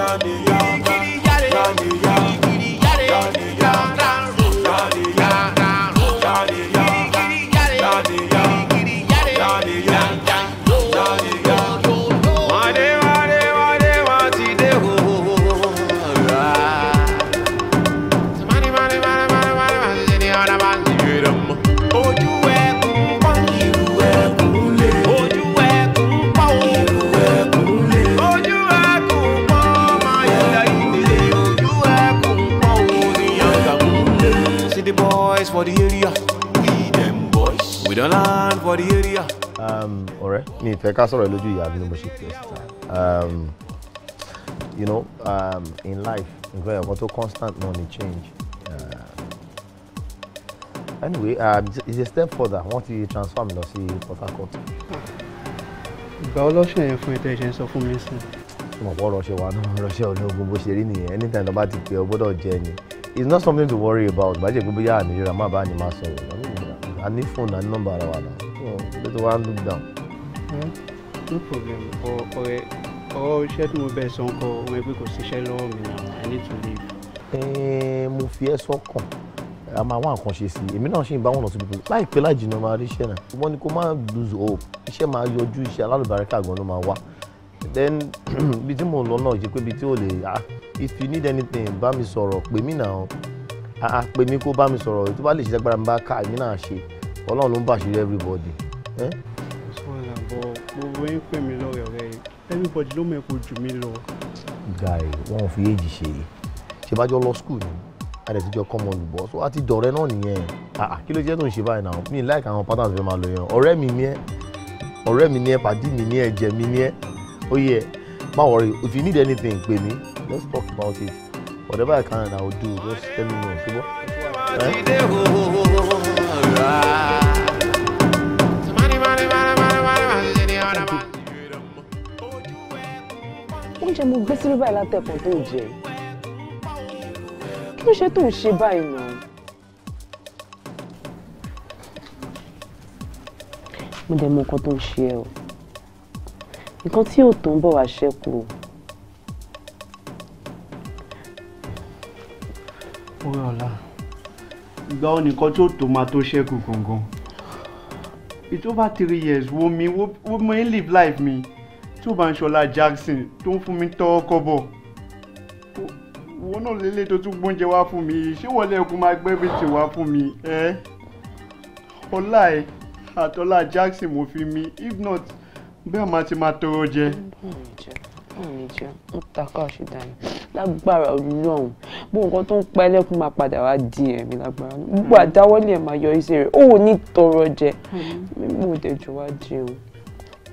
na me. Um, ọ̀rẹ́ mi ìfẹ́ ká sọ̀rọ̀ lójú ìyá mi ni mo ṣe fi ọ̀sìn ta um, you know um, in life nǹkan ẹ̀kọ́ tó constant náà ni change uh, anyway um, uh, it's a step further wọ́n ti transfer mi lọ sí Port Harcourt. ìgbà ọlọ́ṣẹ̀ yẹn fún ìtẹ́ ìṣẹ́ sọ fún mi sí. mo mọ̀ pé rọṣẹ́ wa náà rọṣẹ́ ológun bó ṣe rí nìyẹn anytime tó bá ti pè ọ gbọ́dọ̀ jẹ ni it's not something to worry about bàjẹ́ gbogbo yàrá nìyẹn má bàa ní má sọ̀rọ̀ a ní fóònù a ní nọ́mbà ara wa náà ló tó wá look down. Hmm? no problem ọ̀rẹ́ ọ̀rọ̀ iṣẹ́ tí mo bẹ̀ sọ ń kọ ọmọ ẹgbẹ́ kò ṣiṣẹ́ lọ́wọ́ mi now i need to leave. ẹ eh, mo so come. I'm a one conscious. nǹkan ṣe sí i èmi náà ṣì ń bá wọn lọ síbi pé láìpẹ́ láì jìnnà máa rí iṣẹ́ náà wọ́n ní lose hope iṣẹ́ máa yọjú iṣẹ́ alálùbáríkà gan barricade máa wá then bí tí mò ń lọ náà jẹ́ pé bí tí ò lè ah if you need anything bá mi sọ̀rọ̀ pè mí náà ah, ah pè mí kó bá mi sọ̀rọ̀ tó bá lè ṣe lágbára mi bá ká èmi náà ṣe ọlọ́run ló ń bàṣírí everybody. sọ́ọ̀lá bọ̀ gbogbo yín pè mí lọ́rẹ̀ rẹ̀ everybody ló mẹ́kọ̀ọ́ jù mí lọ. guy wọn ò fi èjì ṣe é ṣe bá jọ lọ school ni àdẹ̀tíjọ kọ́ ọmọ olùbọ̀ so àti dọ̀rẹ́ náà nìyẹn ah, kí ló jẹ́ tó ń ṣe báyìí náà mi láìka àwọn patterns fẹ́ máa lò yẹn ọ̀rẹ́ mi ni ẹ́ ọ̀rẹ́ mi ni ẹ́ pàdí mi ni ẹ́ ẹ̀jẹ̀ mi ni ẹ́ ó yẹ má worry if you need anything pè mí let's talk about it whatever I can I will do just tell me no ṣùgbọ́n oúnjẹ mo gbé sílé báyìí látẹ̀kùn tó jẹ kí ló ṣe tó ń ṣe báyìí nà. mo dẹ̀ mọ nǹkan tó ń ṣe ẹ o nǹkan tí ò tó ń bọ̀ wá ṣẹ́kù o. Orí ọ̀la ìgbà wọn tó tó ṣẹ́kù gangan it's over three years wo mi wo mi live life mi tí ó bá ń ṣọlá Jackson tó ń fún mi tọ́wọ́ kọ́bọ̀ wo náà lélẹ̀ tó tún gbóúnjẹ wá fún mi ṣé wọlé ẹkùn máa gbẹ́bí tì wá fún mi ẹ́ ọlá ẹ àtọ́lá Jackson mo fi mi if not bẹ́ẹ̀ máa ti máa tọrọ jẹ. mo ní jẹ mo ní jẹ mo dání lágbára Ọlọ́run gbogbo nǹkan tó ń pa ẹlẹ́kùn máa padà wá di ẹ̀mí lágbára ní hmm. gbogbo àdáwọ́lé ẹ̀ máa yọ ìṣe rẹ̀ ó wò ní tọrọ jẹ mímú òde jù wá jẹun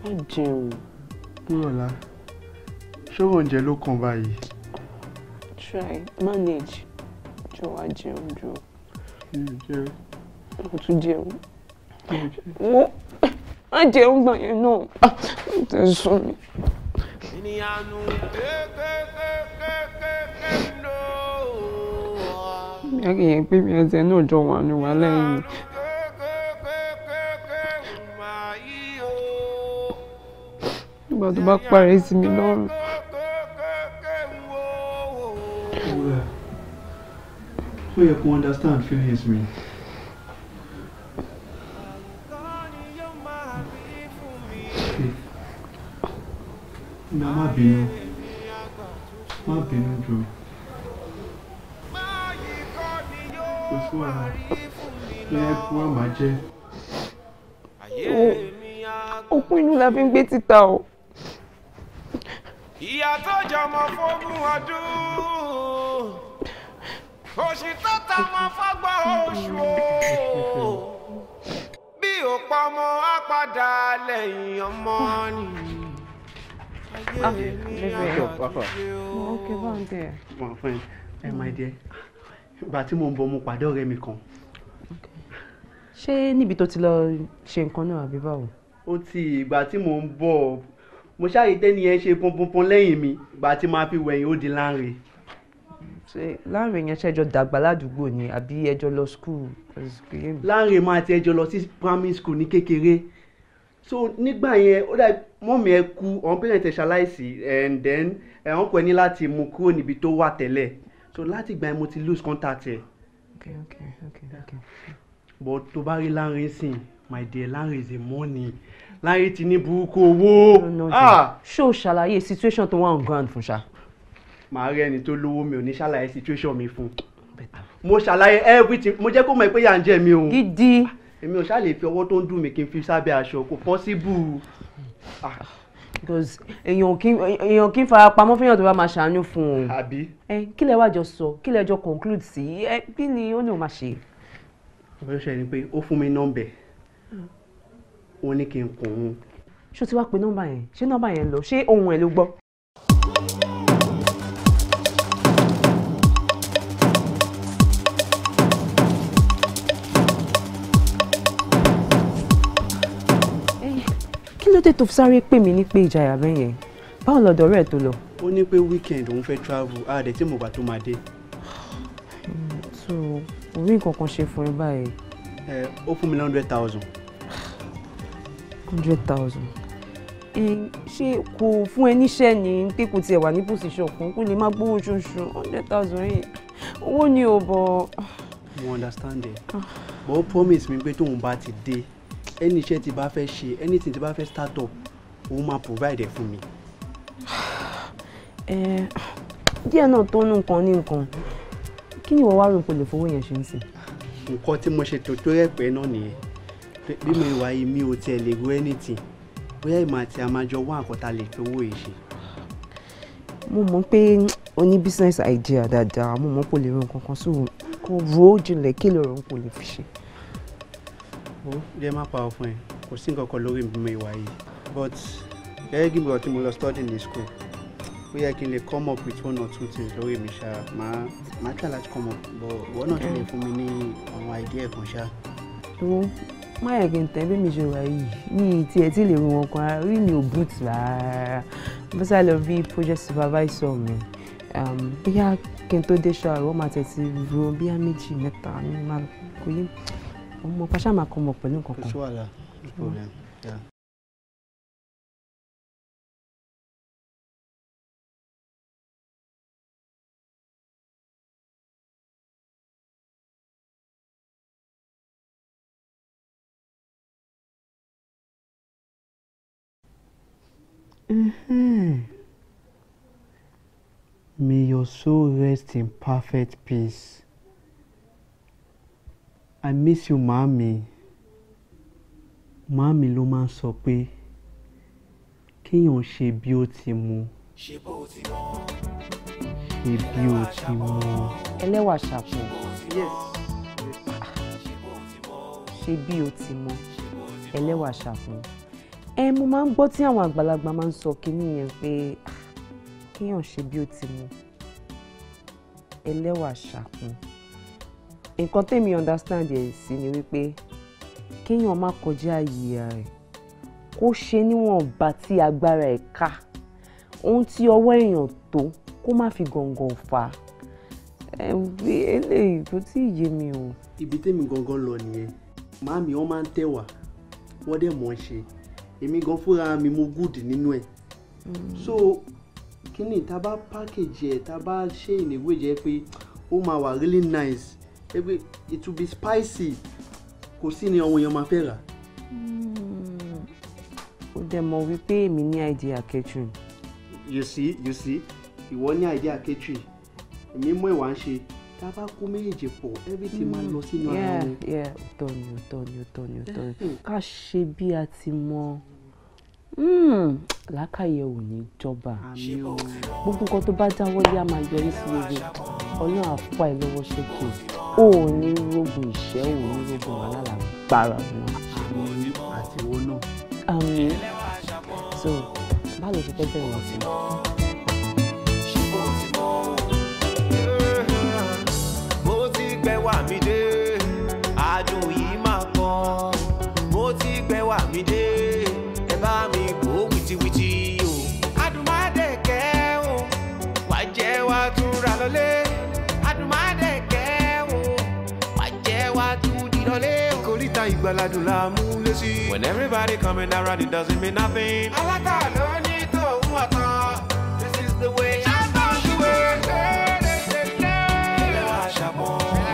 wá jẹun. búrọ̀lá ṣé oúnjẹ ló kàn báyìí. try manage jọ wá jẹun jọ. mo tún jẹun mo má jẹun gbọ̀n yẹn náà ó ti sún mi. ènìyàn nù kékékéké ẹ̀rìn yẹn pé mi ẹsẹ̀ náà jọ wà ní wà lẹ́yìn mi. nígbà tó bá parí sí mi lọ́rùn. ó yẹ kó understand feelings mi. Mama bínú, má bínú jọ̀ọ́. pé fún wa pé ẹkún àmà jẹ. òkun inú la fi ń gbé títa o. ìyá tó jọmọ fógún ọdún òṣì tó ta mọ fọgbọ oṣù o bí ò pa ọmọ á padà lẹ́yìn ọmọ nìyí. Ah, baby. What's up, Papa? Oh, okay, one there. Well, fine. Eh, my dear ìgbà tí mò ń bọ̀ mo pàdé ọ̀rẹ́ mi kan. ṣé níbi tó ti lọ ṣe nǹkan náà àbí báwo. ó ti ìgbà tí mò ń bọ̀ mo ṣáà yìí tẹ́ni yẹn ṣe pọnpọnpọn lẹ́yìn mi ìgbà tí màá fi wẹ̀yìn ó di láǹre. láǹre yẹn ṣẹjọ dàgbà ládùúgbò ni àbí ẹjọ lọ skul. láǹre máa ti ẹjọ lọ sí primary school ní kékeré so nígbà yẹn ó dà mọ́mí ẹ kú ọ̀n pẹ̀lẹ́ tẹ̀ ṣaláìsí and then ẹ̀ ń pẹ́ ní láti mú kúrò níbi tó wà tẹ́lẹ̀ so láti ìgbà yẹn mo ti lose contact ẹ. okay okay okay okay. but tó bá rí láàrin sìn my dear láàrin is a money láàrin ti ní burúkú owó. Ah! ṣó o ṣàlàyé situation tó wà on ground fún ṣá. màá rí ẹni tó lówó mi ò ní ṣàlàyé situation mi fún mo ṣàlàyé everything mo jẹ́ kó mọ̀ pé yà ń jẹ mi o. gidi. èmi ò ṣàlè fi ọwọ́ tó ń dùn mí kí n fi sábẹ́ aṣọ kò possible. Ah! because èèyàn kí èèyàn kí fara pamọ́ fẹ́yàn tó bá máa ṣàánú fún un. àbí. ẹ kí lẹ wá jọ sọ kí lẹ jọ conclude sí ẹ kí ni ó ní o máa ṣe. ọ̀rẹ́ ṣe ni pé ó fún mi nọ́mbẹ̀ ó ní kí n kùn un. ṣó ti wá pe nọ́mbà yẹn ṣé nọ́mbà yẹn lọ ṣé ohun ẹ̀ ló gbọ́. dé tó sáré pè mí ní pé ìjayà bẹ́ẹ̀ yẹn báwo lọ́dọ̀ rẹ̀ tó lọ. ó ní pé weekend òun fẹ́ travel á dẹ̀ tí mo bá tó máa dé. so orí nǹkan kan ṣe fún ẹ báyìí. ẹ ó fún mi ní hundred thousand. hundred thousand ṣé kò fún ẹ níṣẹ́ ní pé kò tiẹ̀ wà ní pòsíṣàn kan kó lè má gbówó oṣooṣù hundred thousand yìí owó ni ò bọ̀. mo understand ẹ ah. but ó promise mi pé tóun bá ti dé ẹni iṣẹ́ tí bá fẹ́ ṣe anything tí bá fẹ́ start up òun máa provide ẹ̀ fún mi. ẹ eh, díẹ̀ náà tó nǹkan ní nǹkan kí ni ìwọ wá rò pé lè fowó yẹn ṣe ń sìn. nǹkan tí mo ṣe tòótọ́ rẹ̀pẹ́ náà nìyẹn bí mo wà mi ò tiẹ̀ lè ro anything bóyá ìmọ̀ àti àmàjọ wọ́n àkọ́tà lè fi owó yìí ṣe. mo mọ̀ pé o ní business idea dáadáa mo mọ̀ pé o lè ro nǹkan kan sí òun kò ro jinlẹ̀ kí lè ro òun kò lè fi ṣe ó jẹ́ má pa ọ̀fun ẹ̀ kò sí nǹkan kan lórí mi ìwà yìí but gẹ́gẹ́ bí ìgbà tí mo lọ study ní school ó yẹ kí n lè come up with one or two things lórí mi ṣá máa máa try láti come up but ìwọ náà ti lè fún mi ní àwọn idea kan ṣá. tó má yẹ kí n tẹ́ bí mi ṣe wà yìí ní tiẹ̀ tí lè rí wọn kan rí mi ò boot rárá bó sá lọ rí project supervisor mi um, bóyá kí n tó dé ṣá ìwọ máa tẹ̀ sí ro bóyá méjì mẹ́ta ní máa kò yé mi ọmọ pàṣẹ máa kọ pẹ̀lú nǹkan kan. Mm-hmm. May your soul rest in perfect peace. I miss you màámi. Màámi ló máa ń sọ pé kéèyàn ṣe bí ó ti mu. Ṣé bí ó ti mu? Ẹlẹ́wà ṣàpọ̀. Yes. Ṣé bí ó ti mu? Ẹlẹ́wà ṣàpọ̀. Ẹ mo máa ń gbọ́ tí àwọn àgbàlagbà máa ń sọ kinní yẹn pé ah, kéèyàn ṣe bí ó ti mu. Ẹlẹ́wà ṣàpọ̀ nǹkan tèmi understand ẹ̀ sí ni wípé kéèyàn má kọjá àyè rẹ̀ kó ṣe níwọ̀nba tí agbára ẹ̀ ká ohun tí ọwọ́ èèyàn tó kó má fi gàngàn fà á eléyìí tó tí ì yé mi o. ibi tẹ́mi gangan lọ nìyẹn màámi wọn máa ń tẹ̀ wọ́n dẹ̀ mọ̀ ọ́n ṣe èmi gan fúnra mi mo good nínú ẹ̀ hmm. so kínní tá a bá package ẹ̀ tá a bá ṣe ìnáwó jẹ́ pé ó máa wà really nice ewé it will be spicy kò sí ni àwọn èèyàn máa fẹ́ rà. Hmm. ó dẹ̀ mọ̀ wípé èmi ní idea catering. you see you see ìwọ ní idea catering èmi mú ìwà ń ṣe tá a bá kó méjèèjì pọ̀ everything máa lọ sínú ara hmm. wọn. ọ̀tọ̀ ni ọ̀tọ̀ ni ọ̀tọ̀ ni ọ̀tọ̀ ni hmm. ká ṣe bí a ti mọ̀. Hmm, lákàyè ò ní jọba gbogbo nǹkan tó bá dáwọ́ yá máa yọrí sí rere ọlọ́run àpá ẹ lọ́wọ́ ṣókè ó ní rògùn ìṣẹ́ ò ní rògùn wàhálà gbára náà. àti owó náà. so báwo ló ṣe fẹ́ bẹ̀rẹ̀ wọ́n sí wà mí dé adùn yìí máa kàn mo ti gbẹ wà mí dé. Koríta ìgbàladùn la mú When everybody coming around it doesn't mean nothing. ló ní This is the way I'm going to do it.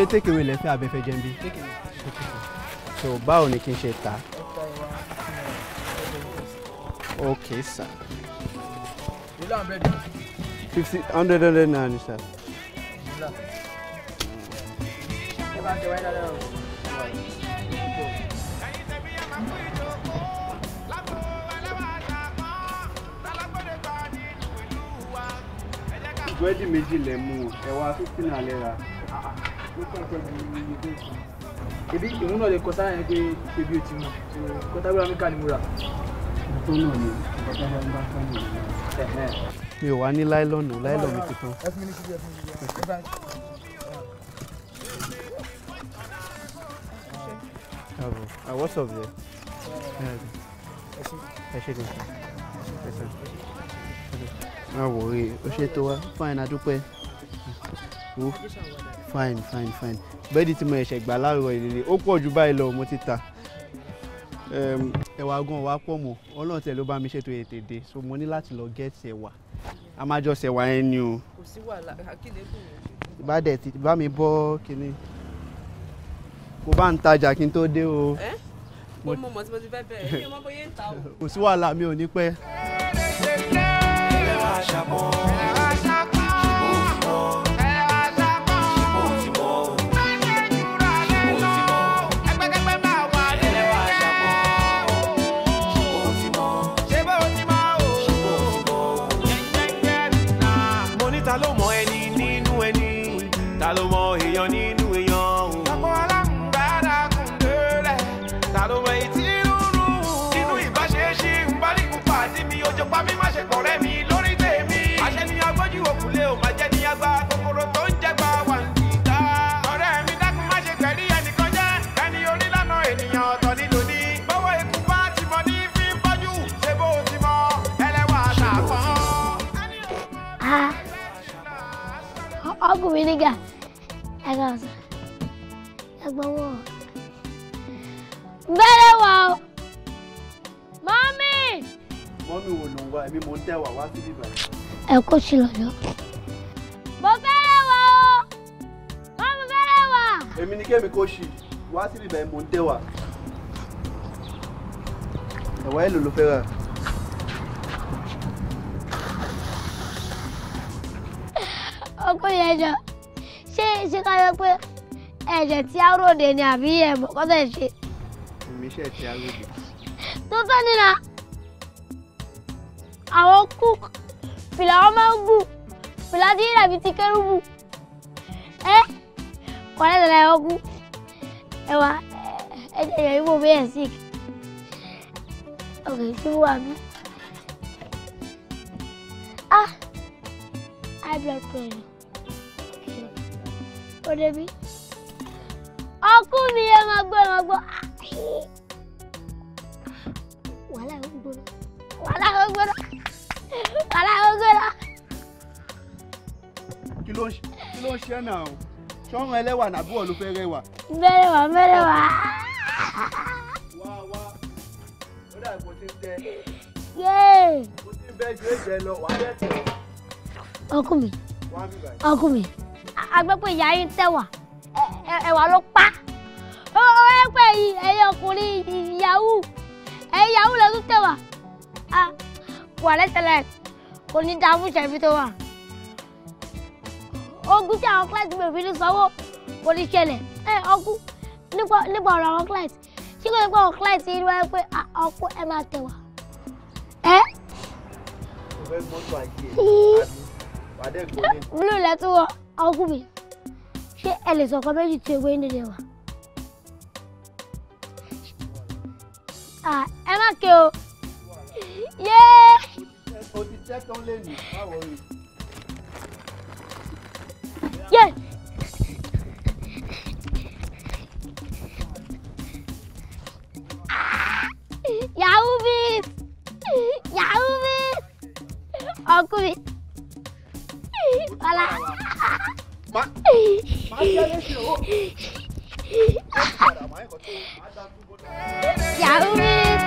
ṣé takeaway lẹ́fẹ́ abẹ́fẹ́ jẹ́ so báwo ni kí n ṣe ta ok sir fifty hundred hundred naira ni sir. búrẹ́dì méjì lẹ̀ mú ẹ wá fifty naira ebi ìmú náà lè kọ sára yẹn pé ebi ò ti mú kọtábíra mi kà ní múra. ọ̀tọ̀ náà ni kọtábíra mi bá fẹ́ nìyẹn. mi ò wá ní láìlọ́ọ̀nù láìlọ́ọ̀nù mi ti tán. Bravo. Uh, what's up there? Ẹ ṣe kò sàn. Ẹ sàn. Má wọ̀ rí o ṣe tó wá fáìn adúpẹ́. Wo fine fine fine bẹ́ẹ̀dì tí mo ẹ̀ṣẹ̀ gbà láàárọ̀ ìrìnrìn ó pọ̀ ju báyìí lọ mo ti ta ẹ̀wà gan wa pọ̀ mọ́ ọlọ́run tẹ̀ ló bá mi ṣètò ètè so mo ní láti lọ gẹ́ẹ̀tì ẹ̀wà a máa jọ ṣẹ̀wà yẹn ni o. kò sí wàhálà kílẹ̀ kù. bá dẹ̀ ti bá mi bọ́ kínní kò bá ń tajà kí n tó dé o. ẹ mo mọ̀ mo ti fẹ́ bẹ̀rẹ̀ mi ò mọ bóyá ń ta o. kò sí wàhálà mi ò ní pẹ́. ilé wa ṣàpọ̀ ṣùgbọ́n vinegar ẹ̀ka ọ̀sán ẹ̀gbọ́n wọn. bẹ́ẹ̀ wà ó mọ́mí. mọ́mí wo ló ń wá èmi mò ń tẹ̀wà wá síbí báyìí. ẹ kó sí lọ́jọ́. mo fẹ́rẹ̀ wà ó mọ́mí fẹ́rẹ̀ wà. me ni kémi kó sí wá síbí báyìí mò ń tẹ̀wà. ẹ̀wà èlò ló fẹ́ rà ṣé ká yẹ pé ẹ̀jẹ̀ tí á ròde ni àbí ẹ̀mọ́ kọ́ tẹ̀ ṣe. ìmísẹ̀ tí á ròde. tó tọ́ nínú àwọn cook fìlà wọn máa ń gùn fìlà tí yìí dàbí ti kérúbù ẹ kọ́lẹ́ tẹ̀lé ẹ̀wọ́ kú ẹ̀wà ẹ̀jẹ̀ yẹn yóò bẹ́ẹ̀ sí i. Okay, two one. Ah, high blood pressure kò débi ọkùn mi ẹ máa gbọ́ ẹ máa gbọ́ wàhálà ẹ gbóná wàhálà ẹ gbóná wàhálà ẹ gbóná. kí ló ń ṣe kí ló náà o ṣọ́run ẹlẹ́wà nàbí wọ̀ ló fẹ́ rẹwà. mẹ́rẹ̀wà mẹ́rẹ̀wà. wá wá ó dà bó ti tẹ. yéè. ó ti bẹ́ ju èjẹ lọ wàá bẹ́ẹ̀ tẹ̀. ọkùn mi ọkùn mi agbẹ́ pé ìyá yín tẹ̀wà ẹ̀wà ló pa ó ẹ pé ẹ̀yin ọkùnrin ìyàwó ẹ̀yin ìyàwó lè tún tẹ̀wà wà lẹ́tẹ̀lẹ̀ kò ní dáa fún ṣẹ̀fí tó wà ogun tí àwọn client mi ò fi ní sanwó kò ní ṣẹlẹ̀ ẹ ọkú nípa ọ̀rọ̀ àwọn client ṣé kò ní pẹ́ àwọn client yìí wáyé pé ọkú ẹ máa tẹ̀wà ẹ. blue lẹ́tún wọ̀ ọkùnrin ṣé ẹ lè sọkọ méjì tí ewé ń dèdè wá. ẹ má ké o yéé. o ti tẹ́ yahoo beat yahoo beat ọkùnrin. Bala. Ma. Ma jẹ́ lẹ́sìn o. Yahoo bit. Yahoo bit.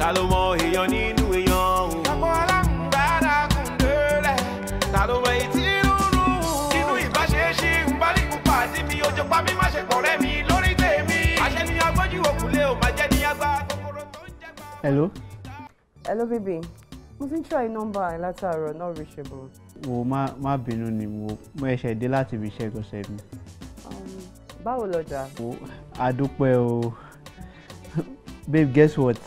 Ta ló àlọ́wọ́ etí rúnrú. inú ìbáṣeéṣí ń bá pupa àti mi ojú pa mí má ṣe pọ̀rẹ́ mi lórí tèmi. àṣẹ ni agbójú òkúlé ò máa jẹ́ ní agbá kòkòrò tó ń jẹ́ bá. hello. hello baby mo ti ń try number ẹ not reachable. wo má má bínú ni mo mo ẹsẹ̀ dé láti ibi iṣẹ́ ìgbọ̀nsẹ̀ mi. Um, báwo lọ́jà. wo adúpẹ́ o babe guess what.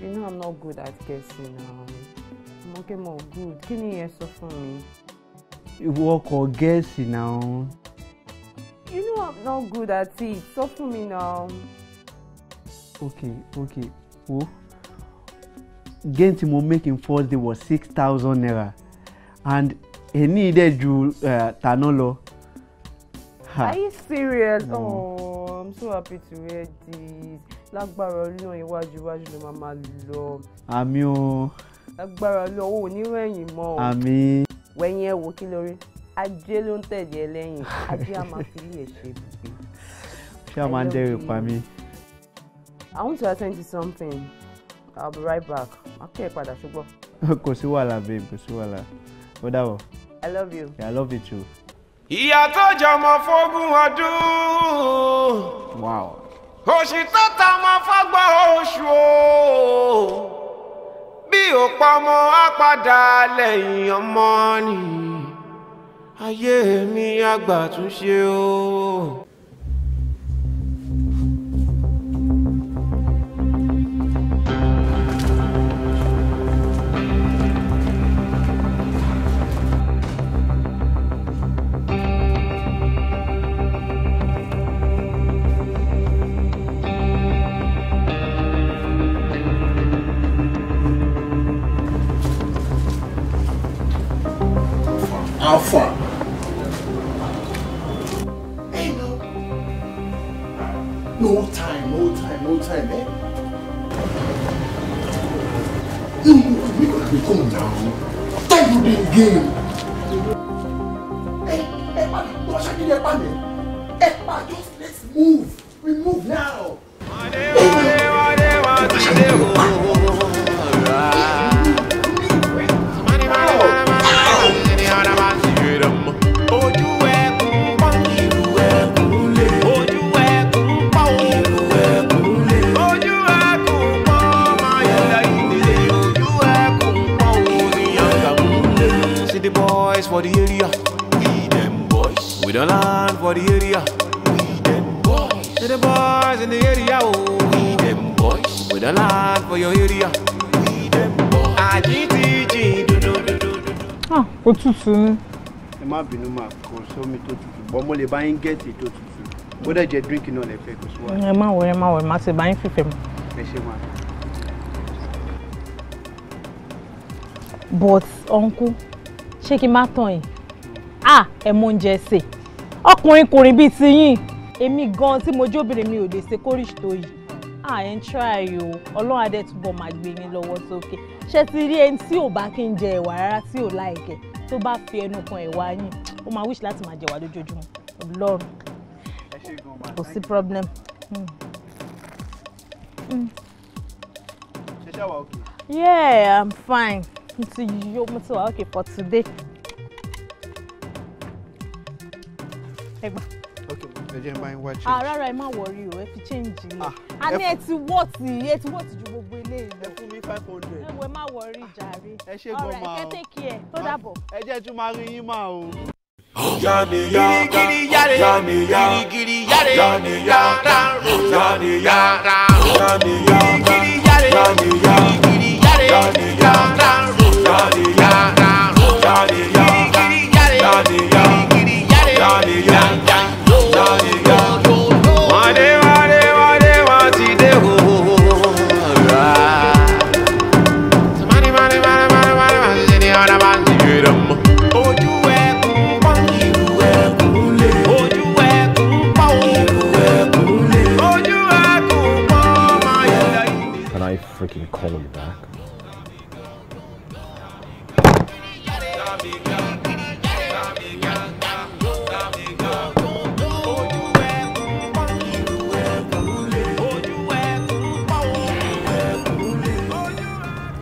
you know i'm not good at guessing Um mọ́kẹ́ mọ́ good kí ni ẹ sọ fún mi. ìwọ ọkọ̀ gẹ̀ẹ́sì náà. you know i'm not good at it sọ fún mi náà. ok ok wo oh. gain tí mo make in first day was six thousand naira and èní dẹ̀ ju tàná lọ. are you serious? No. Oh, i'm so happy to hear this lágbára ọlọ́run iwájú iwájú ló máa máa lọ. àmì o agbára lọ́wọ́ onírẹ̀yìn mọ́ o. àmín. wẹ̀yìn ẹ̀ wò kí lórí ajé ló ń tẹ̀lé ẹ lẹ́yìn ajé a máa fi ilé ṣe ibùgbé. ṣé a máa ń dẹ́rù pa mí. I want to attend to something I'll be right back akẹ́ ìpadà ṣùgbọ́n. kò sí wàhálà babe kò sí wàhálà ó dàbọ̀. I love you. Yeah, I love you too. ìyá tó jọmọ fógún ọdún. wow. òṣì tó ta ọmọ fọgbọ́n oṣù o bí ò pa ọmọ á padà lẹ́yìn ọmọ ni ayé mi àgbà tún o. ó tútù ni. ẹ má bínú mà kò sómi tó tútù bọ́ mo lè bá yín gẹ̀ẹ́tì tó tútù bó dẹ̀ jẹ́ dírínkì náà lè fẹ́ kó sí wa. ẹ má wọrẹ má wọrẹ má ti bá yín fìfẹ́ mu. ẹ ṣe máa. but uncle ṣé kí n má tàn yín ah ẹ mọ oúnjẹ ṣe ọkùnrin kùnrin bíi ti yín èmi gan tí mo jóbìnrin mi ò lè ṣe kórìṣì tó yìí ah ń try o ọlọ́run adé túbọ̀ máa gbé yín lọ́wọ́ sókè ṣé ti rí ẹni tí ò bá kí n jẹ ẹ̀wà rárá tí ò láìkẹ́ tó bá fi ẹnu kan ẹ̀wà yín ó máa wíṣì láti máa jẹ lójoojúmọ́ ọlọ́run kò sí problem. ṣe hmm. hmm. ṣe wà ok. yeah i'm fine mo ti yó mo ti wà ok for today. ẹ gbà. ok ẹ jẹ́ n bá yín wá change. ah rárá ẹ má wọrí o ẹ fi change ilé. Ah, a ní ẹ ti wọ́ọ̀tì ẹ ti wọ́ọ̀tì ju gbogbo eléyìí lọ. ẹ fún mi ní five hundred. ẹ wo má wọrí jàre. ẹ ṣe gan ma o ẹ jẹ́ tún máa rí yín mà o. Girigiri fucking call him back.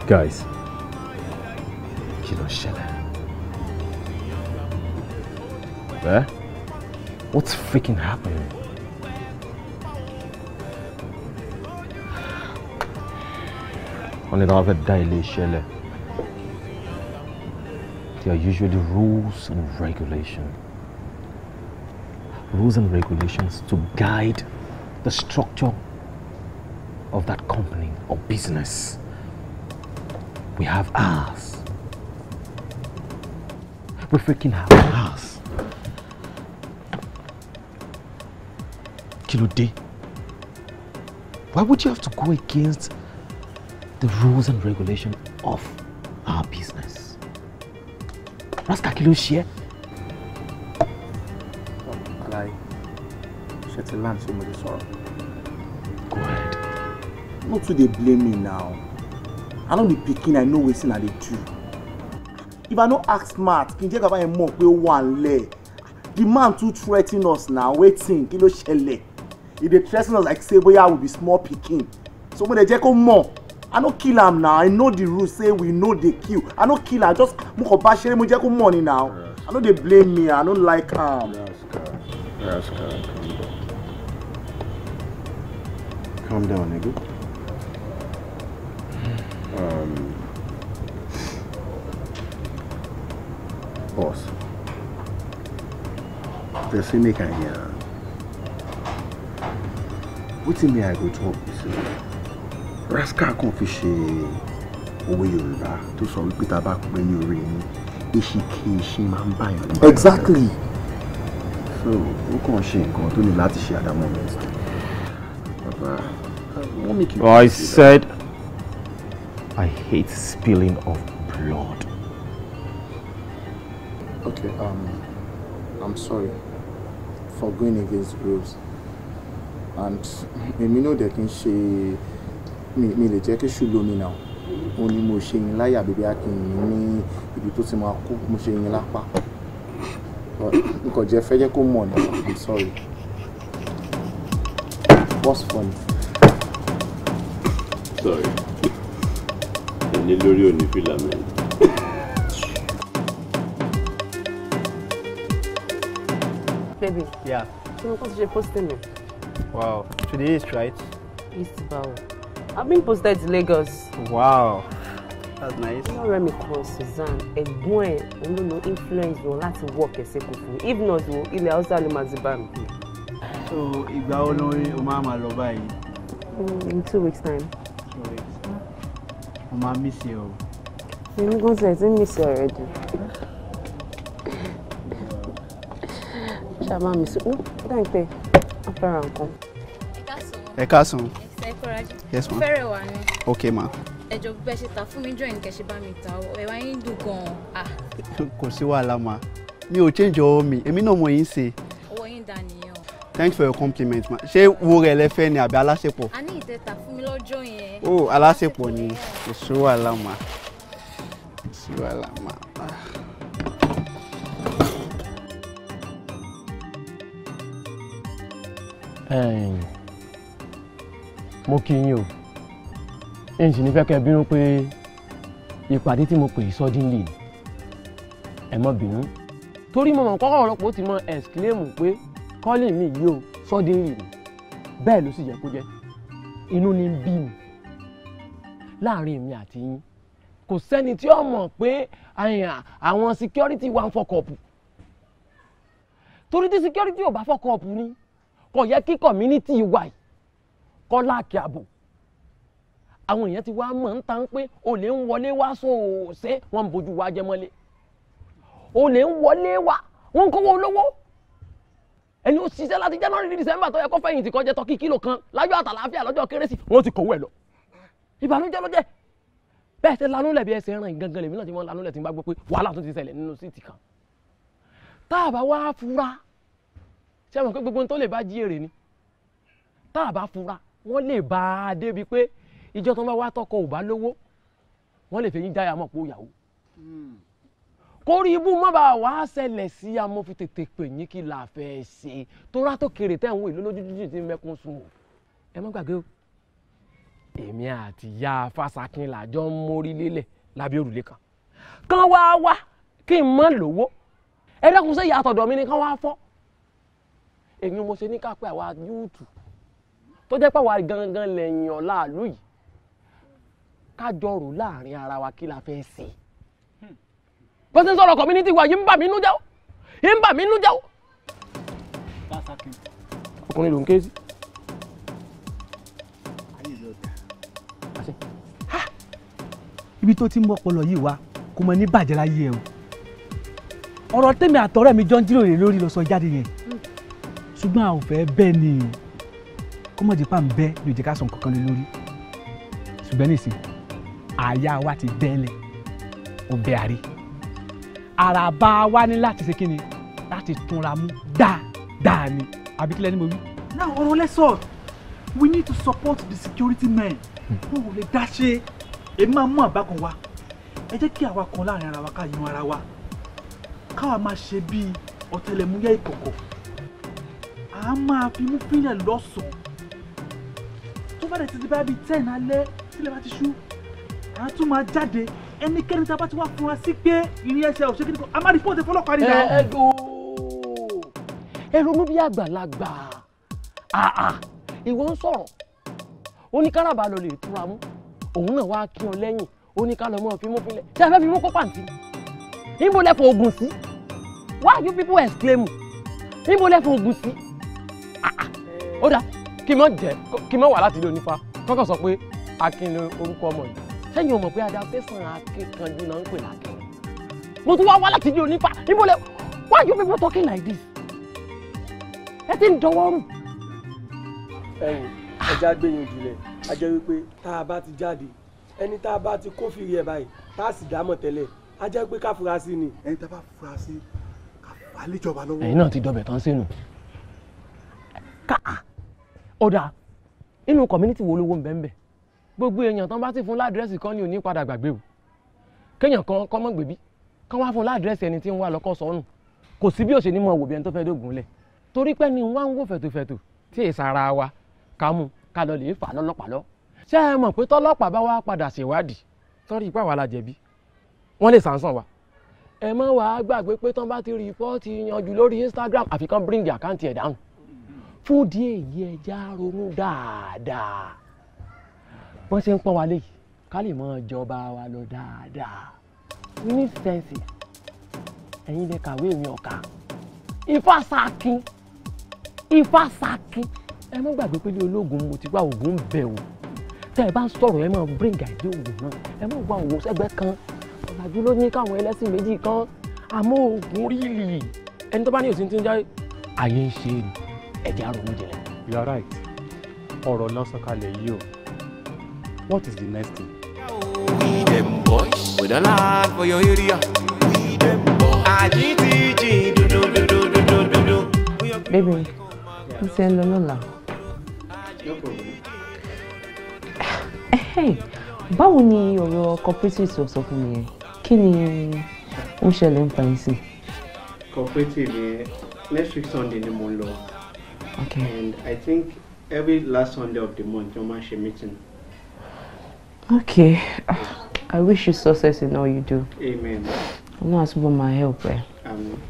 Guys, Hiroshima. Where? What's freaking happening? on ira Daily Shele. There are usually rules and regulations. Rules and regulations to guide the structure of that company or business. We have ours. We freaking have ours. Kí ló Why would you have to go against the rules and regulations of our business. Rascal kí ló ṣe oh, é? Alaye, ṣe land so mo sorrow. Go ahead. Not to they blame me now. I no be picking. I know wetin I dey do. If I no act smart, kí n jẹ́ bàbá yẹn mọ̀ pé ó The man too threatening us now waiting kilo ló ṣẹlẹ̀? If they threaten us like say bóyá will be small picking, So mo dey jẹ́ more i no kill am now. i know the rule say we no dey kill i no kill am just mo kàn bá ṣeré mo jẹ́ kó mọ̀ ni na i no dey blame me i no like am. Yes, Calm down. nigga. Um, boss, they say make I hear. Wetin may I go talk to? you? rascal kan fi ṣe òwe yorùbá tó sọ wípé tá a bá pẹ́ ní orí yín èsìkè ṣe máa ń báyàn exactly. so ó kàn ṣe nǹkan tó ní láti ṣe àdámọ́ mi. bàbá wọ́n mi kì í. I said I hate spilling of blood. okay um, I'm sorry for going against rules and èmi náà dẹ̀ kí n ṣe mi lè jẹ́ kí ṣùlọ mi náà ó ní mo ṣe yín láyà bíbí akínyìn ní ibi tó ti máa kú mo ṣe yín lápá nǹkan jẹ́ fẹ́ jẹ́ kó mọ̀ ní I'm sorry what's funny. sorry ẹni lórí òní fìlà mẹ́rin. baby. Yeah. So, what did you post to me? Wow. Today is right. East Bow. I've been posted to Lagos. Wow. That's nice. Ọlọ́rẹ́mi kan Suzanne A ẹ̀gbọ́n ẹ̀ no influence like to wọ a kò fún mi if not wo ilẹ̀ Hausa ló máa ti So if wo ló rí o máa máa lọ mm, In two weeks time. Two weeks. Mo miss you. Èmi gan ṣe ti miss you already. Ṣé a miss you? Dáńpẹ́, a fẹ́ràn nǹkan. Ẹ ká sùn. Ẹ ká ẹ kọ́ra jù. yes ma fẹ́rẹ̀ wà ní. ok ma. ẹjọ bẹ ṣe ta fún mi jọ ìnkẹ ṣe bá mi ta ọ ẹwà yín dùn gan-an. Ah. kò sí wàhálà ma mi ò change ọwọ́ mi èmi náà mọ̀ yín ṣe. owó yín dà nìyẹn o. thanks for your compliment ma ṣé wo rẹ lẹ fẹ́ ni àbí aláṣepọ̀. a ní ìtẹ̀ta fún mi lọ́jọ́ yẹn. o aláṣepọ̀ ni kò sí wàhálà ma kò sí wàhálà ma. ẹ̀yìn mo kí yín o n sì ní fẹ́ kẹ́ bínú pé ìpàdé tí mo pè é suddenly ẹ má bínú torí mo mọ̀ kọ́kọ́ ọ̀rọ̀pọ̀ ti mọ exclaim pé calling mi yìí o suddenly ni bẹ́ẹ̀ ló sì yẹ kó jẹ́ inú ni ń bí mi láàrin mi àti yín kò sẹ́ni tí ó mọ̀ pé àwọn security wa ń fọkọ̀ọ̀pù torí tí security ò bá fọkọ̀ọ̀pù ni kò yẹ kí community wa yìí kọ́lá àkíàbò àwọn èèyàn ti wá mọ̀ ń tan pé olè ń wọlé wá sóòsé wọn ń bójú wa jẹ mọ́lé olè ń wọlé wá wọn ń kówó olówó ẹni ó ṣiṣẹ́ láti january december tó yẹ kó fẹ̀yìntì kó jẹ tọ́kì kílò kan lájọ́ àtàlàáfíà lọ́jọ́ kérésì wọn ti kọ̀wé ẹ̀ lọ ìbànújẹ́ ló jẹ́ bẹ́ẹ̀ ṣe lanú lẹ̀ bí ẹsẹ̀ ràn gangan lèmi náà ti mọ́ lanú lẹ̀ tí n bá gbọ́ pé wàhálà tó ti ṣẹlẹ̀ nínú síìtì kan tá wá fura ṣé àwọn pé tó lè bá jí èrè ni tá fura wọ́n lè bá a débi pé ìjọ tó ń bá wá tọkọ ò bá lówó wọ́n lè fẹ̀yìn dáyà mọ̀ pé ó yàwó. Hmm. kórí ibú má bàa wá ṣẹlẹ̀ sí amó fi tètè pè yín kí la fẹ́ ṣe torá tó kéré tẹ̀ ń wò lójú jíjì tí mẹ́kún sùn o ẹ má gbàgbé o èmi àti ìyá fásakin làjọ ń mórí lélẹ̀ lábẹ́ òrùlé kan kán wá wá kí n má lówó ẹ dákun sẹ́yìn àtọ̀dọ̀ mi ni kán wá fọ́ èyí mo ṣe ní ká pé àwa yúùtù tó jẹ́ pàwọ́ gangan lẹ́yìn ọ̀la àlú yìí kájọ rò láàrin ara wa kí la fẹ́ ṣe. bó ṣe ń sọ̀rọ̀ community wa yìí ń bà mí nú jẹ́ ó yìí ń bà mí nú jẹ́ ọkùnrin ló ń ké sí. ibi tó ti ń mọ́pọlọ yìí wá kò mọ ní bàjẹ́ láyé ẹ o ọ̀rọ̀ tèmi àtọ̀rẹ́ mi jọ ń jíròrò lórí lọ́sọ̀ jáde yẹn ṣùgbọ́n a ò fẹ́ bẹ́ẹ̀ ni kọ́mọ̀ jẹ́ pàm bẹ́ẹ̀ ni ò jẹ́ ká sọ nǹkan kan lé lórí ṣùgbọ́n nìsín àyà wa ti bẹ́ẹ̀lẹ̀ ò bẹ́ àrí àràbà wa ní láti ṣe kíni láti túnra mú dáadáa ni àbí kílẹ̀ ni mo wí. now ọ̀rọ̀ lẹ́sọ̀ we need to support the security men hmm. wọn ò lè dá ṣe èmi máa mú àbá kan wá ẹ jẹ́ kí àwa kan láàrin ara wa ká yan ara wa káwa máa ṣe bíi ọ̀tẹlẹ̀múyẹ́ ìkọ̀kọ̀ à á máa fi mú pínlẹ̀ lọ́sàn-án bẹ̀rẹ̀ títí bá bíi ten alẹ́ sílẹ̀ bá ti ṣú à ń tún máa jáde ẹnikẹ́ni tí a bá ti wá fún wa sí pé ìrìn ẹsẹ̀ òṣèké nìkan a máa rí fóònù fọlọ́pàá nìyà. ẹ ẹ ẹ ronú bí àgbàlagbà àà ìwọ ń sọ̀rọ̀ ó ní lè túra mú òun náà wá kí ọ lẹ́yìn ó ní ká lọ mọ́ tí a fẹ́ fímú kó pàǹtí níbo lẹ fọ oògùn sí why you people exclaim níbo lẹ fọ oògùn sí ó dáa kí mọ̀ jẹ́ kí mọ̀ wà láti ilé onífá kọ́kọ́ sọ pé akin ni orúkọ ọmọ yìí sẹ́yìn o mọ̀ pé adáfẹ́sàn akínkanjú náà ń pè lákin mo tún wá wá láti ilé onífá níbo lẹ why you people talking like this ẹ ti ń dọwọ́ rùn. ẹ wò ẹja gbẹ̀yìn jùlẹ̀ a jẹ́ wípé tá a bá ti jáde ẹni tá a bá ti kófìrí ẹ̀ báyìí tá a sì dámọ̀ tẹ́lẹ̀ a jẹ́ pé ká fura sí ni. ẹni tá a bá fura sí ká fà á léjọba lọ́wọ́. ẹ̀yin náà ti dọbẹ̀ tán sínú. káà ọ̀dà inú community wo lówó nbẹ́nbẹ́ gbogbo èèyàn tán bá sì fún ládírẹ́sì kan ní òní padà gbàgbé o kéèyàn kan kọ́ mọ́ gbèbí kán wá fún ládírẹ́sì ẹni tí ń wá lọ́kọ́ sọ́nù kò sí bí òṣèlú mọ̀ wò bí ẹni tó fẹ́ dógun lẹ̀ torí pé ni wọ́n ń wò fẹ̀tòfẹ̀tò tí èsì ara wa ká mú ká lọ lè fà lọ́lọ́pàá lọ. ṣé ẹ mọ̀ pé tọ́lọ́pàá bá wá padà ṣèwádìí torí ipá wa la jẹ̀bi wọ́n lè sàǹsàn wa ẹ mọ́ wàá gbàgbé pé tán bá ti rìpọ́ọ̀tì yanjú lórí Instagram àfikán bring àkáǹtì ẹ̀ dáhùn fúdi èyí ẹja ronú dáadáa wọ́n ṣe ń pọ́n wa léyìí ká lè máa jọba wa lọ dáadáa we need sense ẹ̀yin lè kàwé mi ọ̀ka ifá sakin ifá sakin ẹ má gbàgbé pé ilé ológun mo ti wá oògùn bẹ̀ o tẹ́ ẹ bá ń sọ̀rọ̀ ẹ máa bring àìdí oògùn náà ẹ má wá òwò sẹ́gbẹ́ kan ọ̀làjú ló ní káwọn ẹlẹ́sìn méjì kan àmọ́ oògùn rí lì ẹni tó bá ní òsín tí ń jẹ́ àyè ń ṣe ni ẹ̀jẹ̀ àrùn jẹlẹ̀. you are right ọ̀rọ̀ lọ́sọ̀kalẹ̀ yìí o what is the next thing. we dem boys we don land for your area we dem boys. àjíǹtìjì dúdúdúdúdúdúdú. baby n ṣe ń lọ lọ́la. báwo ni ọ̀rọ̀ cooperative sọ sọ fún mi yẹn kí ni ó ń ṣẹlẹ̀ ń pa ẹ̀ sí. cooperative next week sunday ni mo lọ okay. and I think every last Sunday of the month you must have meeting. okay I wish you success in all you do. amen. I'm not asking for my help eh? Amen.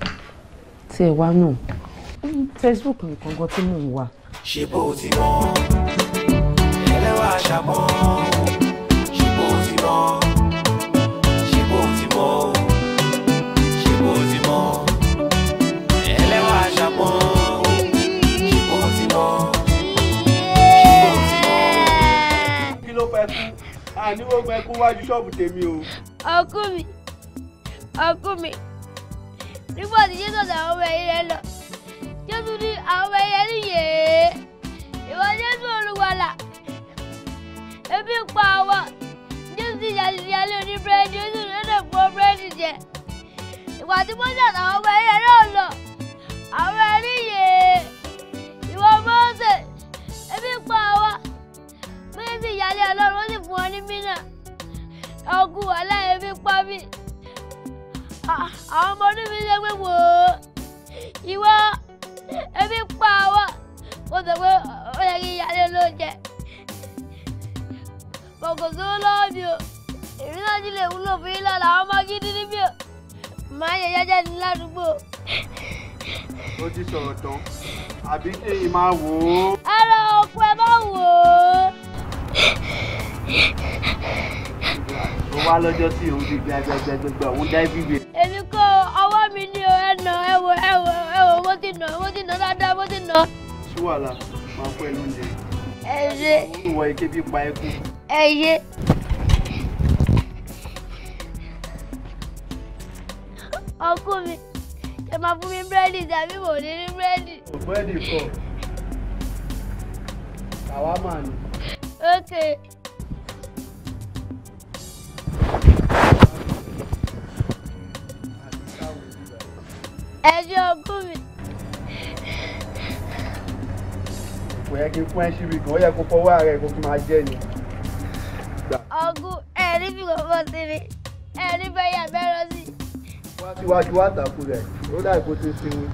Say why no? Facebook you can go to ń wà. ṣé bó ti mọ ẹlẹ́wàá ṣàmọ́ ṣé àníwógún ẹkún wájú ṣọ́ọ̀bù tèmi o. ọkú mi ọkú mi nígbà tí jésù àti àwọn ọmọ ẹ̀yẹ lọ jésù ní àwọn ọmọ ẹ̀yẹ nìyẹn ìwọ jésù olùwàlà ebi ń pa wá jésù ti yàtì ní alẹ́ òní búrẹ́dì jésù ló lè fọ búrẹ́dì jẹ ìwà tí mọ́tò àtàwọn ọmọ ẹ̀yẹ náà lọ àwọn ẹ̀yẹ nìyẹn ìwọ mọ́. sí ìyáálé ọlọ́run ó sì fún ọ ní mínà ọkùn wàhálà èmi pa mí àwọn ọmọ ọdún mi ṣe pé wò ó ìwọ èmi pa wá mo sọ pé ó yẹ kí ìyáálé ló jẹ kòkò sówó lọ́wọ́ mi o èmi náà ti lè wúlò fún yín lọ́la àwọn ọmọ gidi níbí o màá yẹ jẹ́jẹ́ ní ládùúgbò. ó ti sọ̀rọ̀ tán àbí kí n máa wò ó. ẹ lọ òkú ẹ bá wò ó mo wá lọ́jọ́ tí òun ti gbẹgbẹgbẹgbẹ òun dá ibi gbé. èmi kò ọwọ́ mi ní o ẹ nà ẹ wò ẹ wò ẹ mo ti nà mo ti nà dáadáa mo ti nà. ṣé wàhálà máa kó ẹ lóúnjẹ. ẹ ṣe. ìwọ pa ẹ kú. ọkú mi ṣe máa fún mi búrẹ́dì tàbí mò ń ní búrẹ́dì. búrẹ́dì kọ àwa máa ní. Okay. Ẹjọ́ ogún mi. Kò yẹ kí n fún ẹ síbi kan, ó yẹ kó fọwọ́ ara ẹ̀ kó fi máa jẹ́ ni. Ọgùn ẹ̀rí fi kò fọ́ sí mi, ẹ̀rí bẹ́yà bẹ́rọ sí. Wá síwájú wá tàkùrẹ̀, ó dà kó ti sinmi.